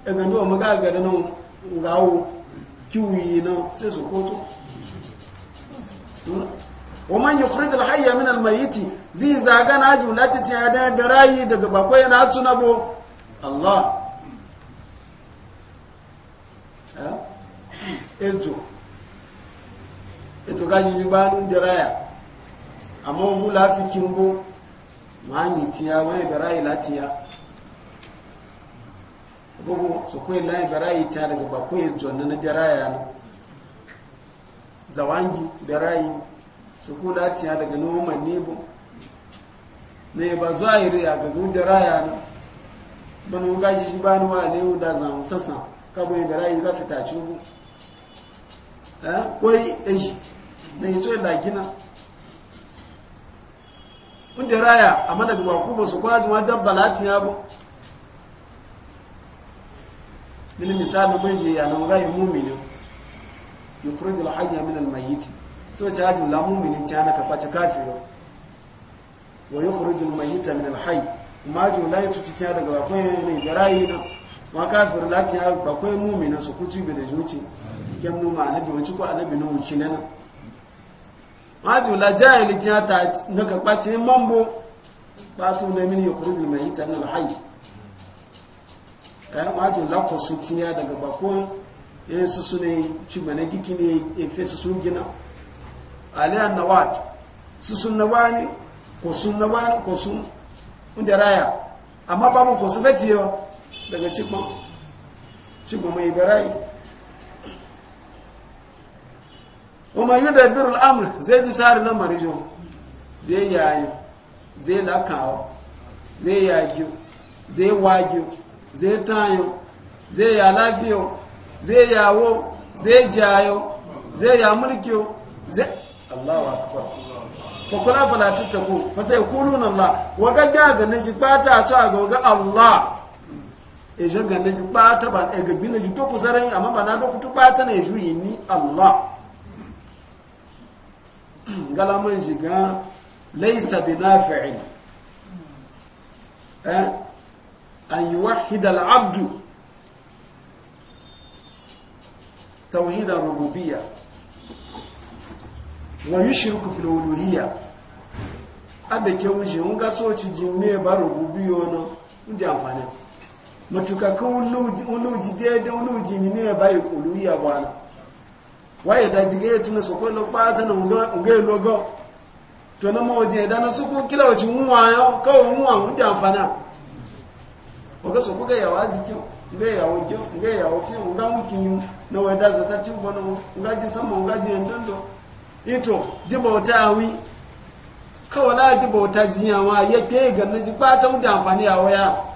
e ga ndo ma ga ga no nga wo kiwi no se so ko to ومن يخرج الحي من الميت زي زاغان اجو لاتي تي ادا غراي daga bakoy na tsunabo Allah Eh? ejo ejo ka jiji ba nun diraya amma mu lafikin bo ma ni tiya wani barayi latiya bugu su kuwa layi yi ta daga bakwai ejo na na diraya na zawangi barayi su kuwa latiya daga noman nebo ne ba zuwa iri a gagun diraya na banu gashi shi ba ni wa ne da zan sassan da rayu berayi ga fita cubu eh koi shi da yi tsoye lagina kun raya a madabi ba kuma su kwaji ma dabba latin ya ba. mini misali mun je ya nan gayi mumini yukhrijul hayya min almayiti. mayyit to ta hajin la mumini ta na ka face kafiro wa yukhrijul mayyita min al hayy ma ju la yutu ta daga ba kun ne garayi na wa kafir lati ya ba kai mu'mina su kuci bi da zuci kem no ma annabi wanci ko annabi no wuci nana maju la jahili ta ta na ka kwace mambo ba to ne min yukhruj al mayyit min al hayy eh maju la ko su tinya daga bakon yesu sune ci bane gikini e su sun gina aliya nawat su sun nawani ko sun nawani ko sun inda raya amma babu ko su fetiyo daga cikin mai barayi kuma yi da birul amur zai ji tsari na marijo zai yayi zai lakawa zai yagiyo zai wagiyo zai tayo zai ya lafiyo zai yawo zai jayo zai ya mulkiyo zai allawa akbar fakula falatattaku fasai kununan la wa waga na shi fata a cewa ga Allah ejo ganda ji bata ba e gabi na ji to ku amma ba na ku bata na ejo yini Allah gala man shiga laysa binafi'in eh an yuwahhid al-abd توحيد الربوبيه ويشرك في الالوهيه abe ke wuce mun ga soci jinne ba na no amfani matukakan uluji daidai uluji ne ya bayi kuluya bwana waye da jiga ya tuna su kwallo kwata na ugai logo to na mawaje da na su kila wace muwa ya kawo muwa mun da oga su kuga ya wazi kyau ga ya wuce ga ya wuce ga wuce na wada za ta tuba na ugaji sama ugaji yandondo ito jibauta awi kawai na jibauta jiyawa yake ga na ji kwata mun ya amfani a waya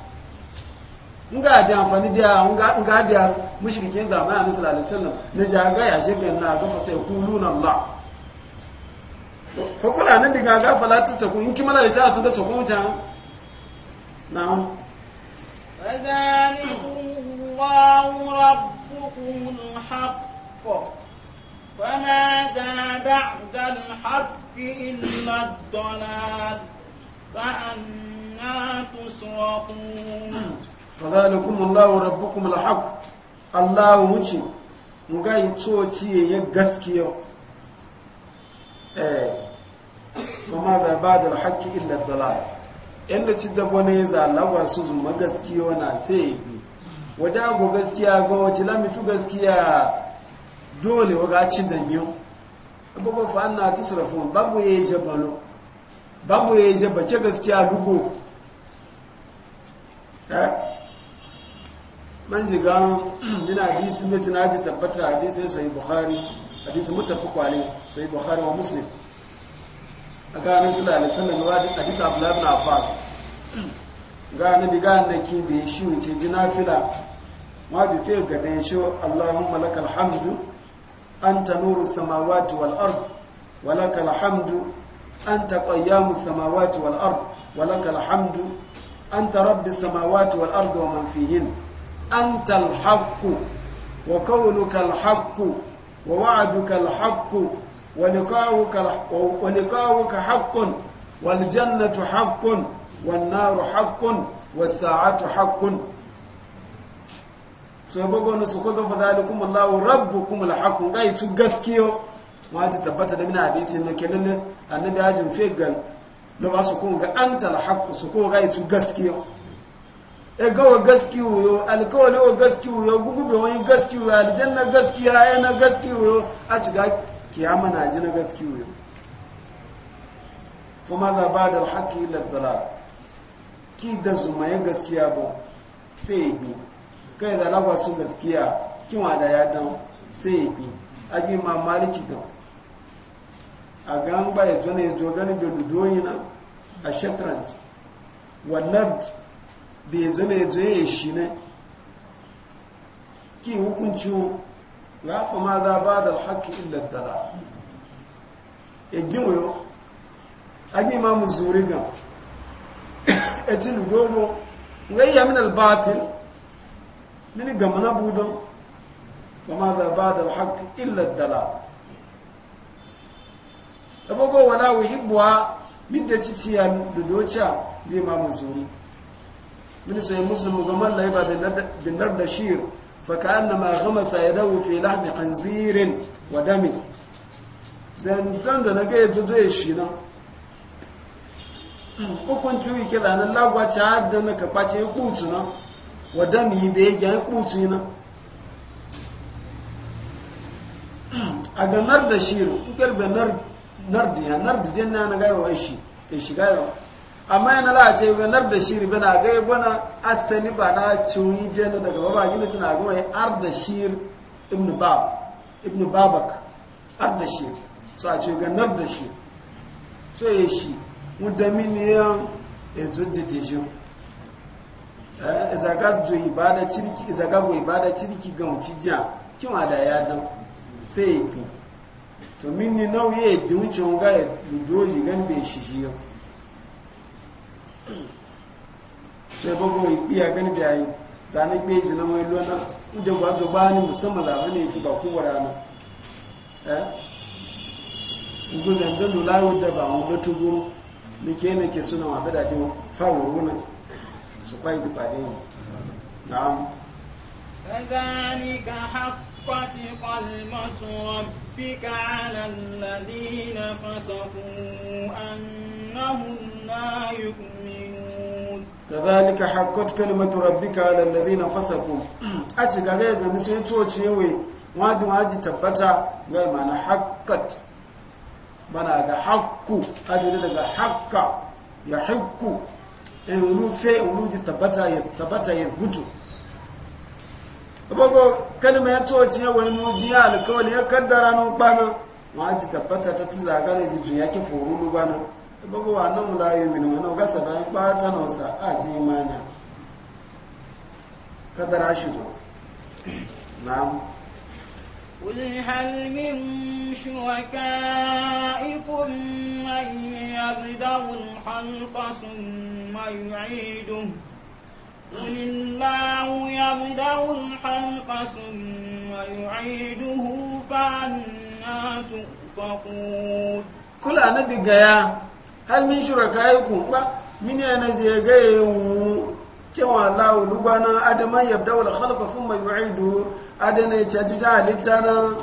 nga da amfani da nga da mushrikin zamanin annabi sallallahu alaihi wasallam na jaga ya shiga na ga fa sai kuluna Allah fa kula nan diga ga fala ta ku in ki mala ya su da su kun can na'am wadhalikum Allahu rabbukum al-haqq فماذا بعد الحق إلا الضلال فأنا تصرفون fadhalikum Allahu rabbukum alhaq Allahu muci muga yicoci ya gaskiya eh kuma da ba'da alhaq illa dalal inda ci da bone za lagwa su zuma gaskiya na sai bi wada go gaskiya go wace lamitu gaskiya dole waga ci da biyu abubuwa fa'an na tusrafun babu ya yi jabalo babu ya yi jabace gaskiya duko man jiga yana hadisi mai cin haji tabbata hadisi sai bukhari hadisi mutafaku alai sai bukhari wa muslim a ganin sula alai sannan wadi hadisi abu na abbas ga nabi ga annaki bi shi wuce ji na jinafila ma bi fi ga dan shi allahumma lakal hamdu ta nuru samawati wal ard wa lakal hamdu anta qayyamu samawati wal ard wa lakal an ta rabbi samawati wal ard wa man fihin. أنت الحق وقولك الحق ووعدك الحق ولقاؤك ولقاؤك حق والجنة حق والنار حق والساعة حق so ya bago nasu ko gafa zalikum Allahu rabbukum alhaq gai tu gaskiyo ma ta tabbata da mina hadisin ne kenan annabi ajin fegal no ba su kun ga anta alhaq su ko gai tu gaskiyo e gaski wuyo alkawali wa gaski wuyo gugube wani gaski wuyo na gaski ya na gaski wuyo a shiga kiyama na ji na gaski wuyo kuma za ba da alhaki illa dala ki da zumaye gaskiya ba sai ya bi kai da lagwa sun gaskiya kima da ya dan sai ya bi a bi ma maliki gan a gan ba ya zo ne ya zo ganin bai dudoyi na a shatranci wannan bai zo ne zo ya shi ne ki hukunci ya fa ma za ba da alhaki illa dala e ya gimoyo an yi mamu zuri ga ejin gobo wai ya min albatil mini gama na budon ba ma za ba da alhaki illa dala da e bago wala wuhibbuwa min da ciciya da doca ma mu zuri من سوي مسلم وقمال ليبا بالنرد شير فكأنما غمس يده في لحم خنزير ودم زنتان da naga ya zoye shi nan ukun tuwi ke da nan lagwa ta da na kafaci ya kutu nan wadda mi be ya ya kutu nan a ga nar da shi ukar be nar nar da nar da na ga yawa shi ke shiga yawa amma yana la ce ga nar da shiri bana ga bana asali na cuyi jena daga baba gina tana gama ya ardashir ibn bab ibn babak ardashir so a ce ganar da shi so ya shi mudaminiyan yanzu jite shi eh izaga jo ibada cirki izaga go ibada ciriki ga mu jiya kin ada ya dan sai ki to minni nauye bi wucin ga doji gan be shi shi sai bago ya gani biyayi zane gbe ji na mai lona inda ba zo ba ni musamman labarin fi ba kowa rana eh ngu zan da lula wadda ba mu da tugu ni ke suna wa bada din runa su kwai ji pade ni na'am kadhalika haqqat qalmatu rabbika 'ala alladhina fasaqu annahum la كذلك حقت كلمة ربك على الذين فسقوا أتي غاغي غمي سين توچي وي واجي واجي تبتا غاي معنى حقت بنا غا حق أجي غا حق يحق إن ولوفي ولودي تبتا يثبتا يثبتو Bago kalma ya coci ya wani muji ya alkawali ya kaddara nan bana, ma ji tabbata ta ci zagara ji juya ki forulu bana. gbogbo wa náà la yominu wọn ọgá sábà ń pa tánà ọsà àti ìmáyà kádàrá ṣùgbọ́n náà قل هل من شركائكم من يبدأ الخلق ثم يعيده قل الله الخلق ثم يعيده بقيا hal min shurakaikum ba min yana zagaye cewa lawo lubana adaman yabda wal khalqa thumma yu'idu adana ya caji ta halitta na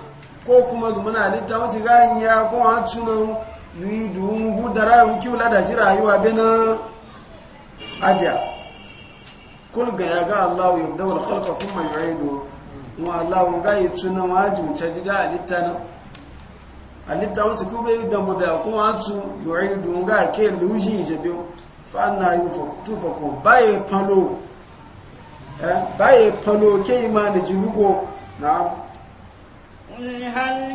ko kuma zumuna halitta wata ganiya ko a tunan yu'idu gudara mu ki kiwla da shi rayuwa bena aja kul ga ya ga Allah yabda wal khalqa thumma yu'idu mu Allah ga yi tunan wajin ta caji ta halitta na alitta wuce kuma yi da mutu kuma su yoyi dunga ke lushi jabe fa'anna yi tufa ko baye palo eh, baye palo ke yi ma da jilugo na قل هل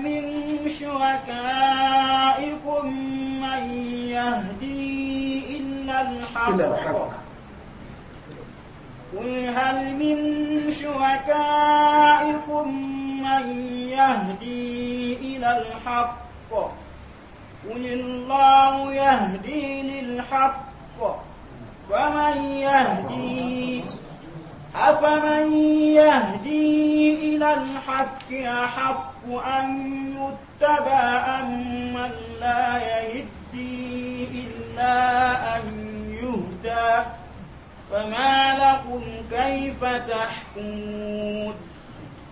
قل هل من شركائكم من يهدي الحق قل الله يهدي للحق فمن يهدي أفمن يهدي إلى الحق أحق أن يتبع أم من لا يهدي إلا أن يهدى فما لكم كيف تحكمون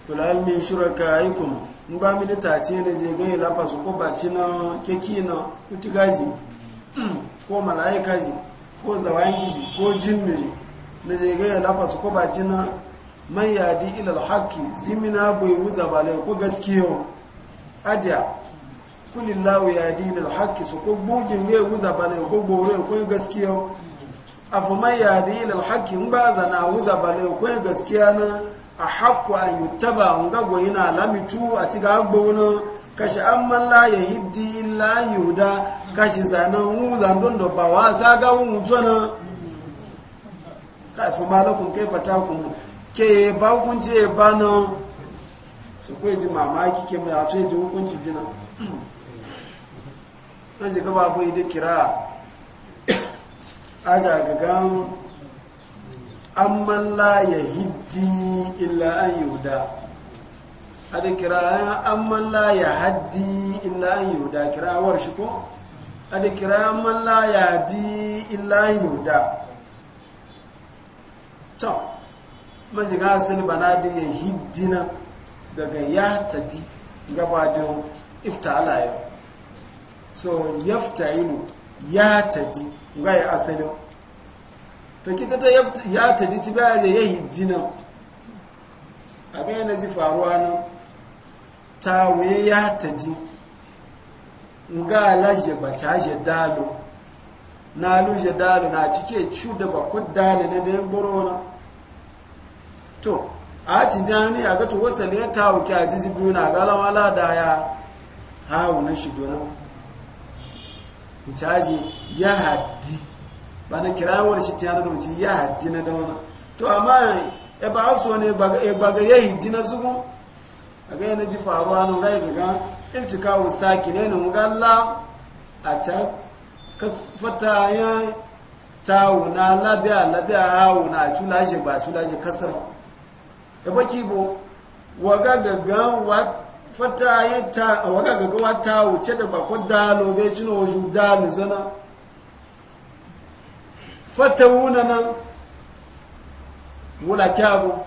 قل هل من شركائكم ngba mi ta ce ne je gani lafa su ko baci na keki na kuti gaji ko malaika ji ko zawangi ji ko jinni ji ne je gani lafa su ko baci na man yadi ila alhaqi zimina bai wuza bale ko gaskiyo aja kulillahu yadi ila alhaqi su ko bugin ge wuza bale ko gore ko gaskiyo afu man yadi ila alhaqi in na zana wuza bale ko gaskiya na a haku an yuktaba nga goyina lamitu a ci ga gbona kashi an man la ya hibdi illa yuda kashi zanen wu zandun da ba wa zaga na mutuna kaifu malakun kai fata kun ke ba kun ce ba na su kai ji mamaki ke mai a ce ji hukunci jina ɗan ji gaba abu da kira aja gagan amma la hiddi illa an yuda ada kirayan amma la haddi illa an yuda kirawar shi ko ada kirayan amma la haddi illa an yuda to maji ga asali bana da na daga ya tadi gabadin ifta'ala yau so yafta'ilu ya tadi ga ya asalin to ta ya ta ji ci baya da ya yi nan a ga yana ji faruwa nan ta wuye ya ta ji nga alaje ba ta je dalo na aluje dalo na cike cu da ba ku dalo na da boro na to a ci jani a ga to wasa ne ta wuke a jiji biyu na ga lamala da ya hawo na shi donan caji ya haddi ba na kirawar shi tiyana da mace ya hajji na dauna to amma ya ba hafsu wani ya baga ya ji na zugun a ga yana ji faruwa nan ga ga iltikawun saki ne na mugalla a can fata ya wuna labiya labiya wuna a culashe ba culashe kasar ya baki bo waga gaggan fata ya ta waga gaggan wata wuce da bakon dalo bai cino wajen dalo zana fata wuna nan wula kyabu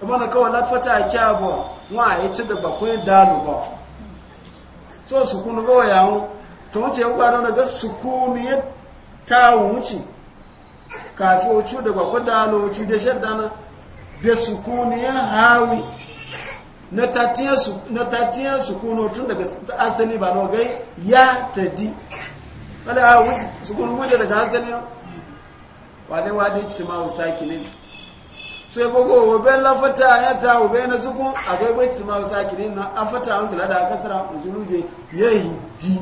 kuma na kawai na fata kyabu wa a yi ci da bakwai dalu ba so su kunu gawa yawon ta wuce yan kwanon daga su kunu ya ta wuce kafin wucu da bakwai dalu wucu da shadda na da su kunu ya hawi na tatiyar su kunu tun daga asali ba na gai ya tadi wale a wuce su kunu da daga asali yau wale wade ijtima usakilin so ya bogo wabe la fata ya ta wabe na suku a bai ijtima usakilin na afata an kula da kasara ya yi di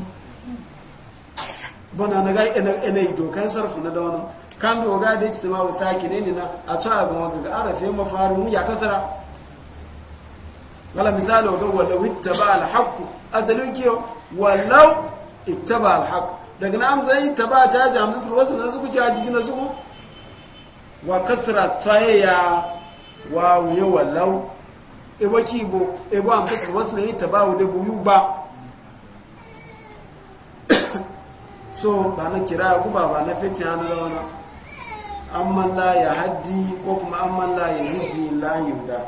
bana na gai ina yi dokan sarfi na dawana kan doga da ijtima usakilin na a ta ga wanda arafe mafarin ya kasara wala misali ga wita ba alhaku asalin kiyo walau ba alhaku daga na amsa yi ta ji amsa wasu na suku ki ajiji na suku wa kasra tayya wa wuye wallau e kibo ebo amfaka wasu na yi tabawu da buyu ba so ba na kira ku ba ba na fiti hannu da wani amman la ya haddi ko kuma la ya hiddi la yuda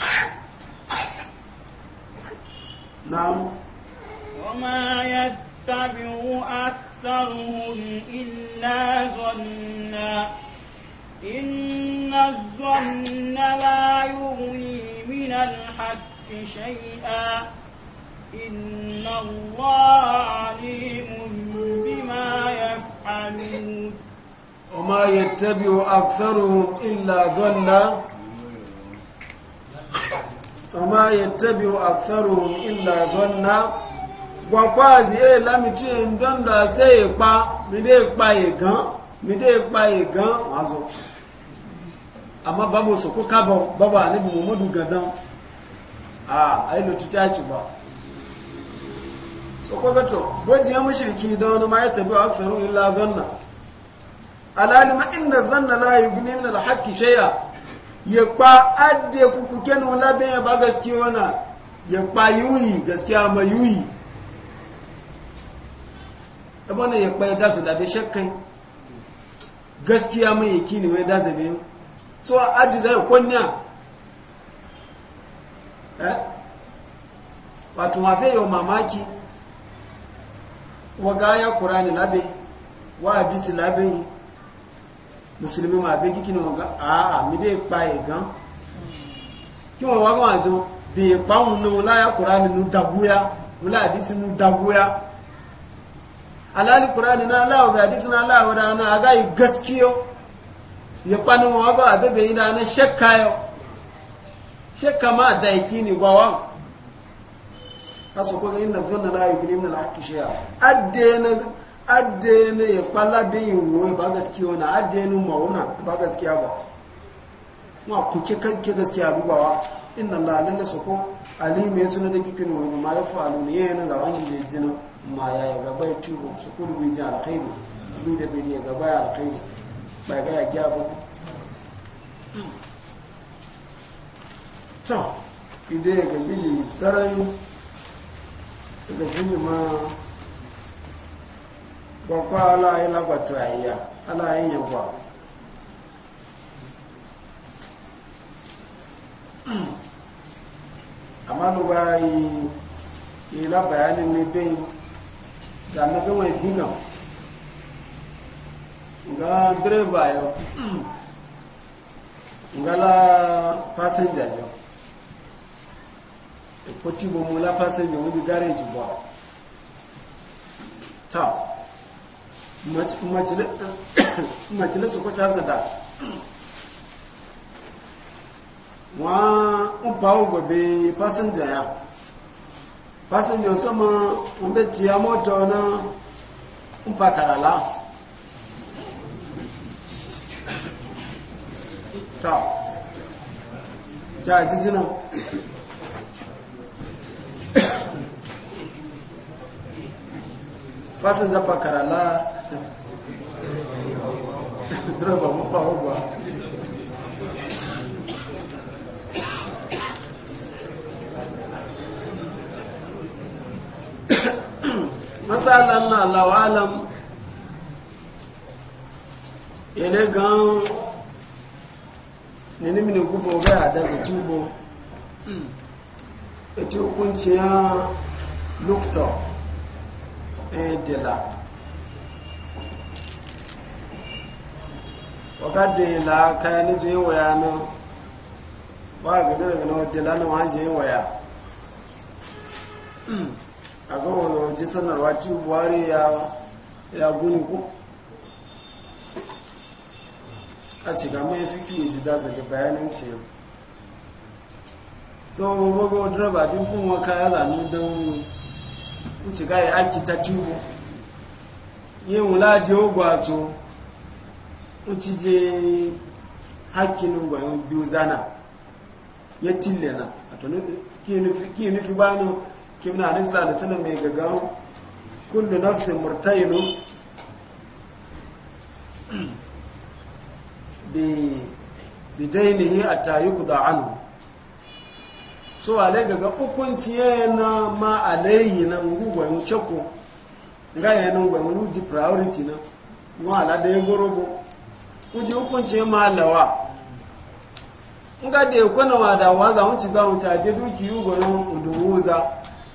na'am وما يتبع أكثرهم إلا إن الظن لا يغني من الحق شيئا إن الله عليم بما يفعلون وما يتبع أكثرهم إلا ظنا وما يتبع أكثرهم إلا ظنا gwakwazi e lamiti ndonda se ipa mide ipa igan mide ipa igan wazo amma babu su ko kaba babu mu muhammadu gadan a ai lutu ta ci ba so ko gato wajen ya mushriki da wani ma ya tabi wa akfaru illa zanna ma inda zanna la yugni min alhaqi shay'a ya pa adde kukuke no labe ya ba gaskiya wana ya pa yuyi gaskiya ma yuyi abana ya pa ya su da be shakkan gaskiya mai yaki ne mai da zabe so aji zai kwanya eh wato mafe yau mamaki wa gaya kurani labe wa abisi labe musulmi ma be kikini wọn e gan aaa mi dé pa ẹ̀ gan kí wọn wá wọn àjọ bèè pa òun ní wọn láyà kurani nu daguya wọn láyà àdísí nu daguya alali kurani na aláwọ̀ bẹ àdísí na aláwọ̀ dáná agáyé gaskiyo ya kwanin wa ba a bai da na shakka yau shakka ma da yake ne gwawa aso ko inna dhanna la yukrim na hakki shay'a addena addena ya kwalla yin ruwa ba gaskiya na addenu mauna ba gaskiya ba ma ku ke kanke gaskiya dubawa inna la lalla sako alimi ya suna da kifin wani ma ya faru ne yana da wani jejjina ma ya ya bai ya tubo su kulbi ji alkhairu duk da bai ya gaba ya alkhairu ba ga ya gyabo can ide ga biji sarayu ga biji ma ba kwa ala yi lagwata ayya ala yi yawa amma lu ba yi yi la bayanin ne bai zanaga wani bigan Nga direba yau ngala fasinja yau ikoti e bo mula fasinja wani gareji ba ta macile su kwace zada wa ubawo gobe fasinja ya fasinja otu ma mbe tiya moto na la. ta ta jijina fasin zafa karala direba mafa hukwa matsalan na lawalan ele gan nini mini kubo ga ya da za tubo ita hukunci ya lukta edela waka dela kaya ni je waya na ba ga daga na dela na wa je waya a ga wani sanarwa tubuwari ya guni ko a ce ga mai fiki ya ji daza ga bayanin ce so mago direba din fun wa kaya zanu don in ci ga ya aki ta tubu yin wula di ogwato in ci je hakkin gwayon biyu zana ya tille na a to ki nufi bani kimna alaihi sallallahu alaihi wasallam mai gaggawa kullu nafsin murtainu bidainihi a tayi ku da anu so ale gaga hukunci yana ma alayi na ngugwayin ceko ga yana ngwayin ludi priority na nwa alada ya gorogo kuji hukunci ma alawa nga da ya kwana wa da waza wuce za wuce a duki yi gwayin uduruza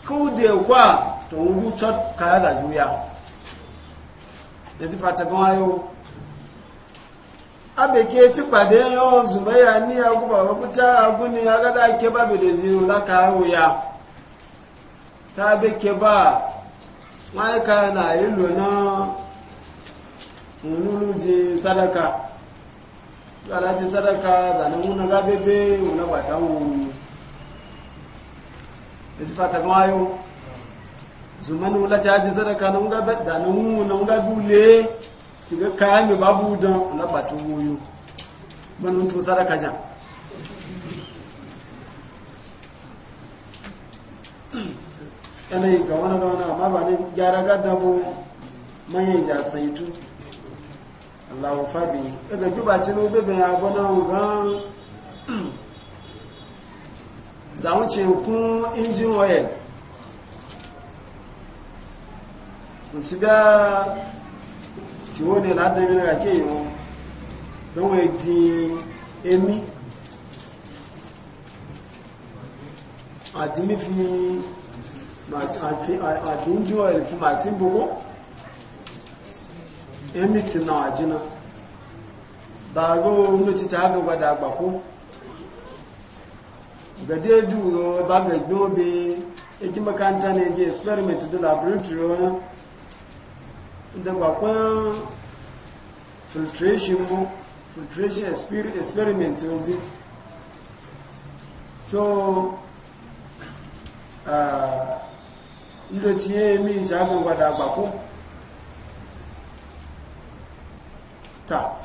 kau da ya kwa ta wuce kaya da juya da ji fata gan ayo abeke ti pàdé yóò zùmẹ́yà ní agbóbà ọkútà agúnni agádá kẹba bèèrè sí láka àwòyà tàbí kẹba máìka na ìlú náà múlùú di sadaka aláti sadaka dàníwúna lábẹ́bẹ́ ìwọ̀nà pàtàwọn ètí pàtàkùn ayó zùmẹ́ni wọ́n láti ájí sadaka na wọ́n gbẹ́ shiga kayan mai babu don labatun goyo manin tun sadaka jan yanayi ga wani da wani amma ba ne gyara gada bu manyan jasaitu allahu fabi ɗaga gubacin obibin ya gwana gan zaunce kun injin oil ci ga tí ó ní ládẹ́mí lára kí èèyàn lọ́wọ́ di emí àdínmí fi àdínjú ẹ̀lì fún màá sí gbogbo emí ti na àjínà dàgbò ní títà agbègbàdà àgbàkú gbẹ̀dẹ́jú ẹbá gbẹ̀gbẹ́ obìnrin ejí makanta ní ẹjẹ́ experiment dọ́là laboratory wọn da bakon filtration mu filtration experiment yanzu so inda ci yi mi shagin gwada bako ta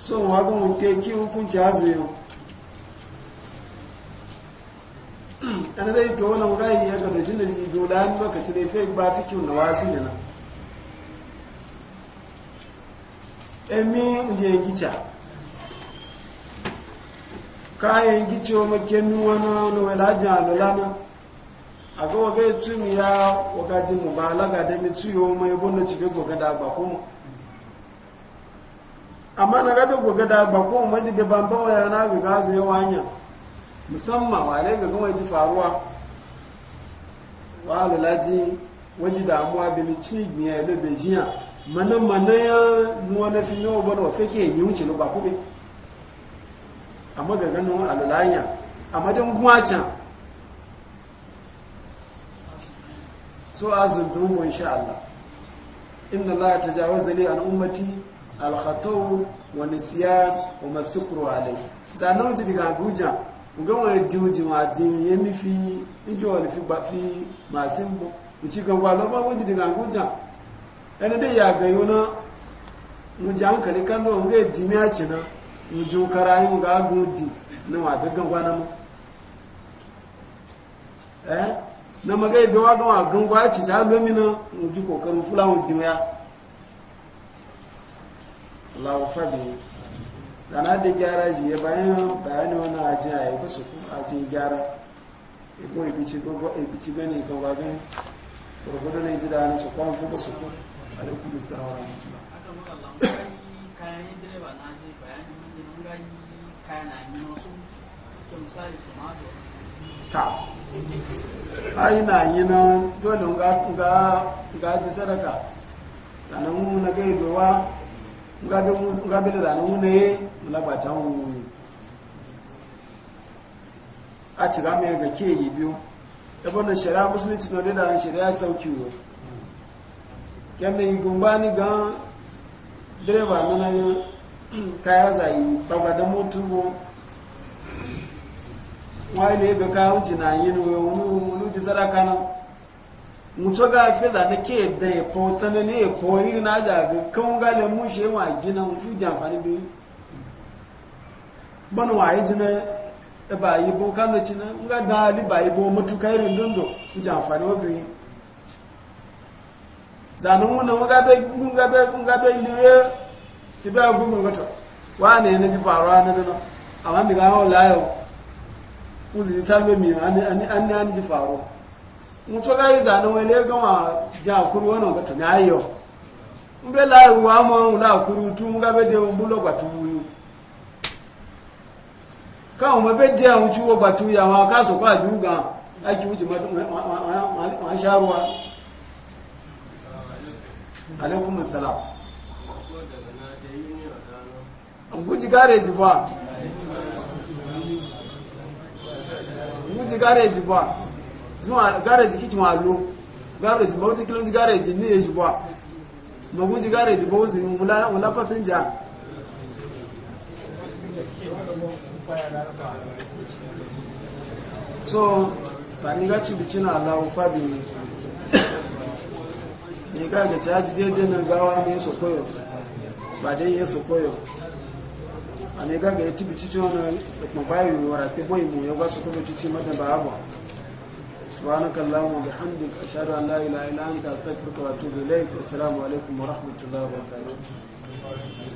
so wagon wuke ki hukunci hazuyo ɗan zai to na gayi ya ga da jin dole an lokaci ne fa ba fi kiwon da wasu ne nan emi uje gicha kayan gicho makenu wani wani wani alulana a ga waga tumi ya waga ji mu balaga da mi ya mai bunda cibe goga da ba kuma amma na gabe goga da ba kuma ji da bamba waya na ga gazu ya wanya musamman wale ga gama ji faruwa wa alulaji waji damuwa bi mi ci gbiya lobe jiya mana mana ya nuwa na fi nawa bana wafe ke yi wuce no ba A amma ga ganin alulanya amma don can so azun dumu insha Allah inna Allah ta jawaza ne an ummati alkhatau wa nisiyan wa a alai zanen wuce daga guja gama ya diwuji ma din ya nufi ijo wani fi masu mu ci gaba lọ́wọ́ wuce daga guja ẹni dai ya gayo na mu ji hankali kan da mu ga di na mu ji ga agun di na ga gangwa na mu eh na maga ibe ga wa gangwa ta lomi na ji kokarin fulawun di mu dana da gyara jiye bayan bayani wani ajin a yi ajin gyara ibo ibici gani kan wagon na yi da alaikum assalam wa rahmatullah haka na na misali tomato ta ai na yi na dole ga sadaka sanan mu na gai be mu da mu na mu a ci ga ga ke yi biyu da wannan shari'a musulunci ne da shari'a sauki kyan da yin gumbani gan direba nuna kayaza yi zayi tabbada motu bo wani ne ga kayan jinayi ne wani ji sadaka na mutu ga fi da na kee da epo po tsana ne ya po yi na jaga kan gale mu wa yawa gina mutu ji amfani biyu bani waye jina ba yi bo kan da ci na ga da ali ba yi bo matuka irin dondo ji amfani wa zanen wuna ngabe liye ti bẹ gúnmù gọ́tọ̀ wà ní ẹni ti faruwa ní nínú àwọn mi gáwọn láyọ̀ wọ́n sì ní sálẹ̀ mi an faruwa mú tó gáyé zanen wọn ilé gánwà jẹ́ àkúrú wọn gọ́tọ̀ ní ayọ̀ ń bẹ́ láyọ̀ wà mọ́ ohun láàkúrú tún ngabe dé ohun búlọ̀ gbàtú wuyu káwọn mọ bẹ́ dé àwọn tí wọ́n gbàtú alaikum salam guji gare gareji ba guji gareji ba zuwa gare gareji kicin walo gareji ba wata kilomita gareji ne ya shi ba ma guji gareji ba wuzi mula fasinja so ba ni gaci bikin alawo bi ne ne ga ta caji daidai nan gawa ne yi sokoyo ba dai yi sokoyo a ne ga ga ya tibi cici wani da kuma bayu yi wara ta boyi mu ya ba su kuma cici mata ba abu سبحانك اللهم وبحمدك أشهد أن لا إله إلا أنت أستغفرك وأتوب إليك alaikum wa rahmatullahi wa وبركاته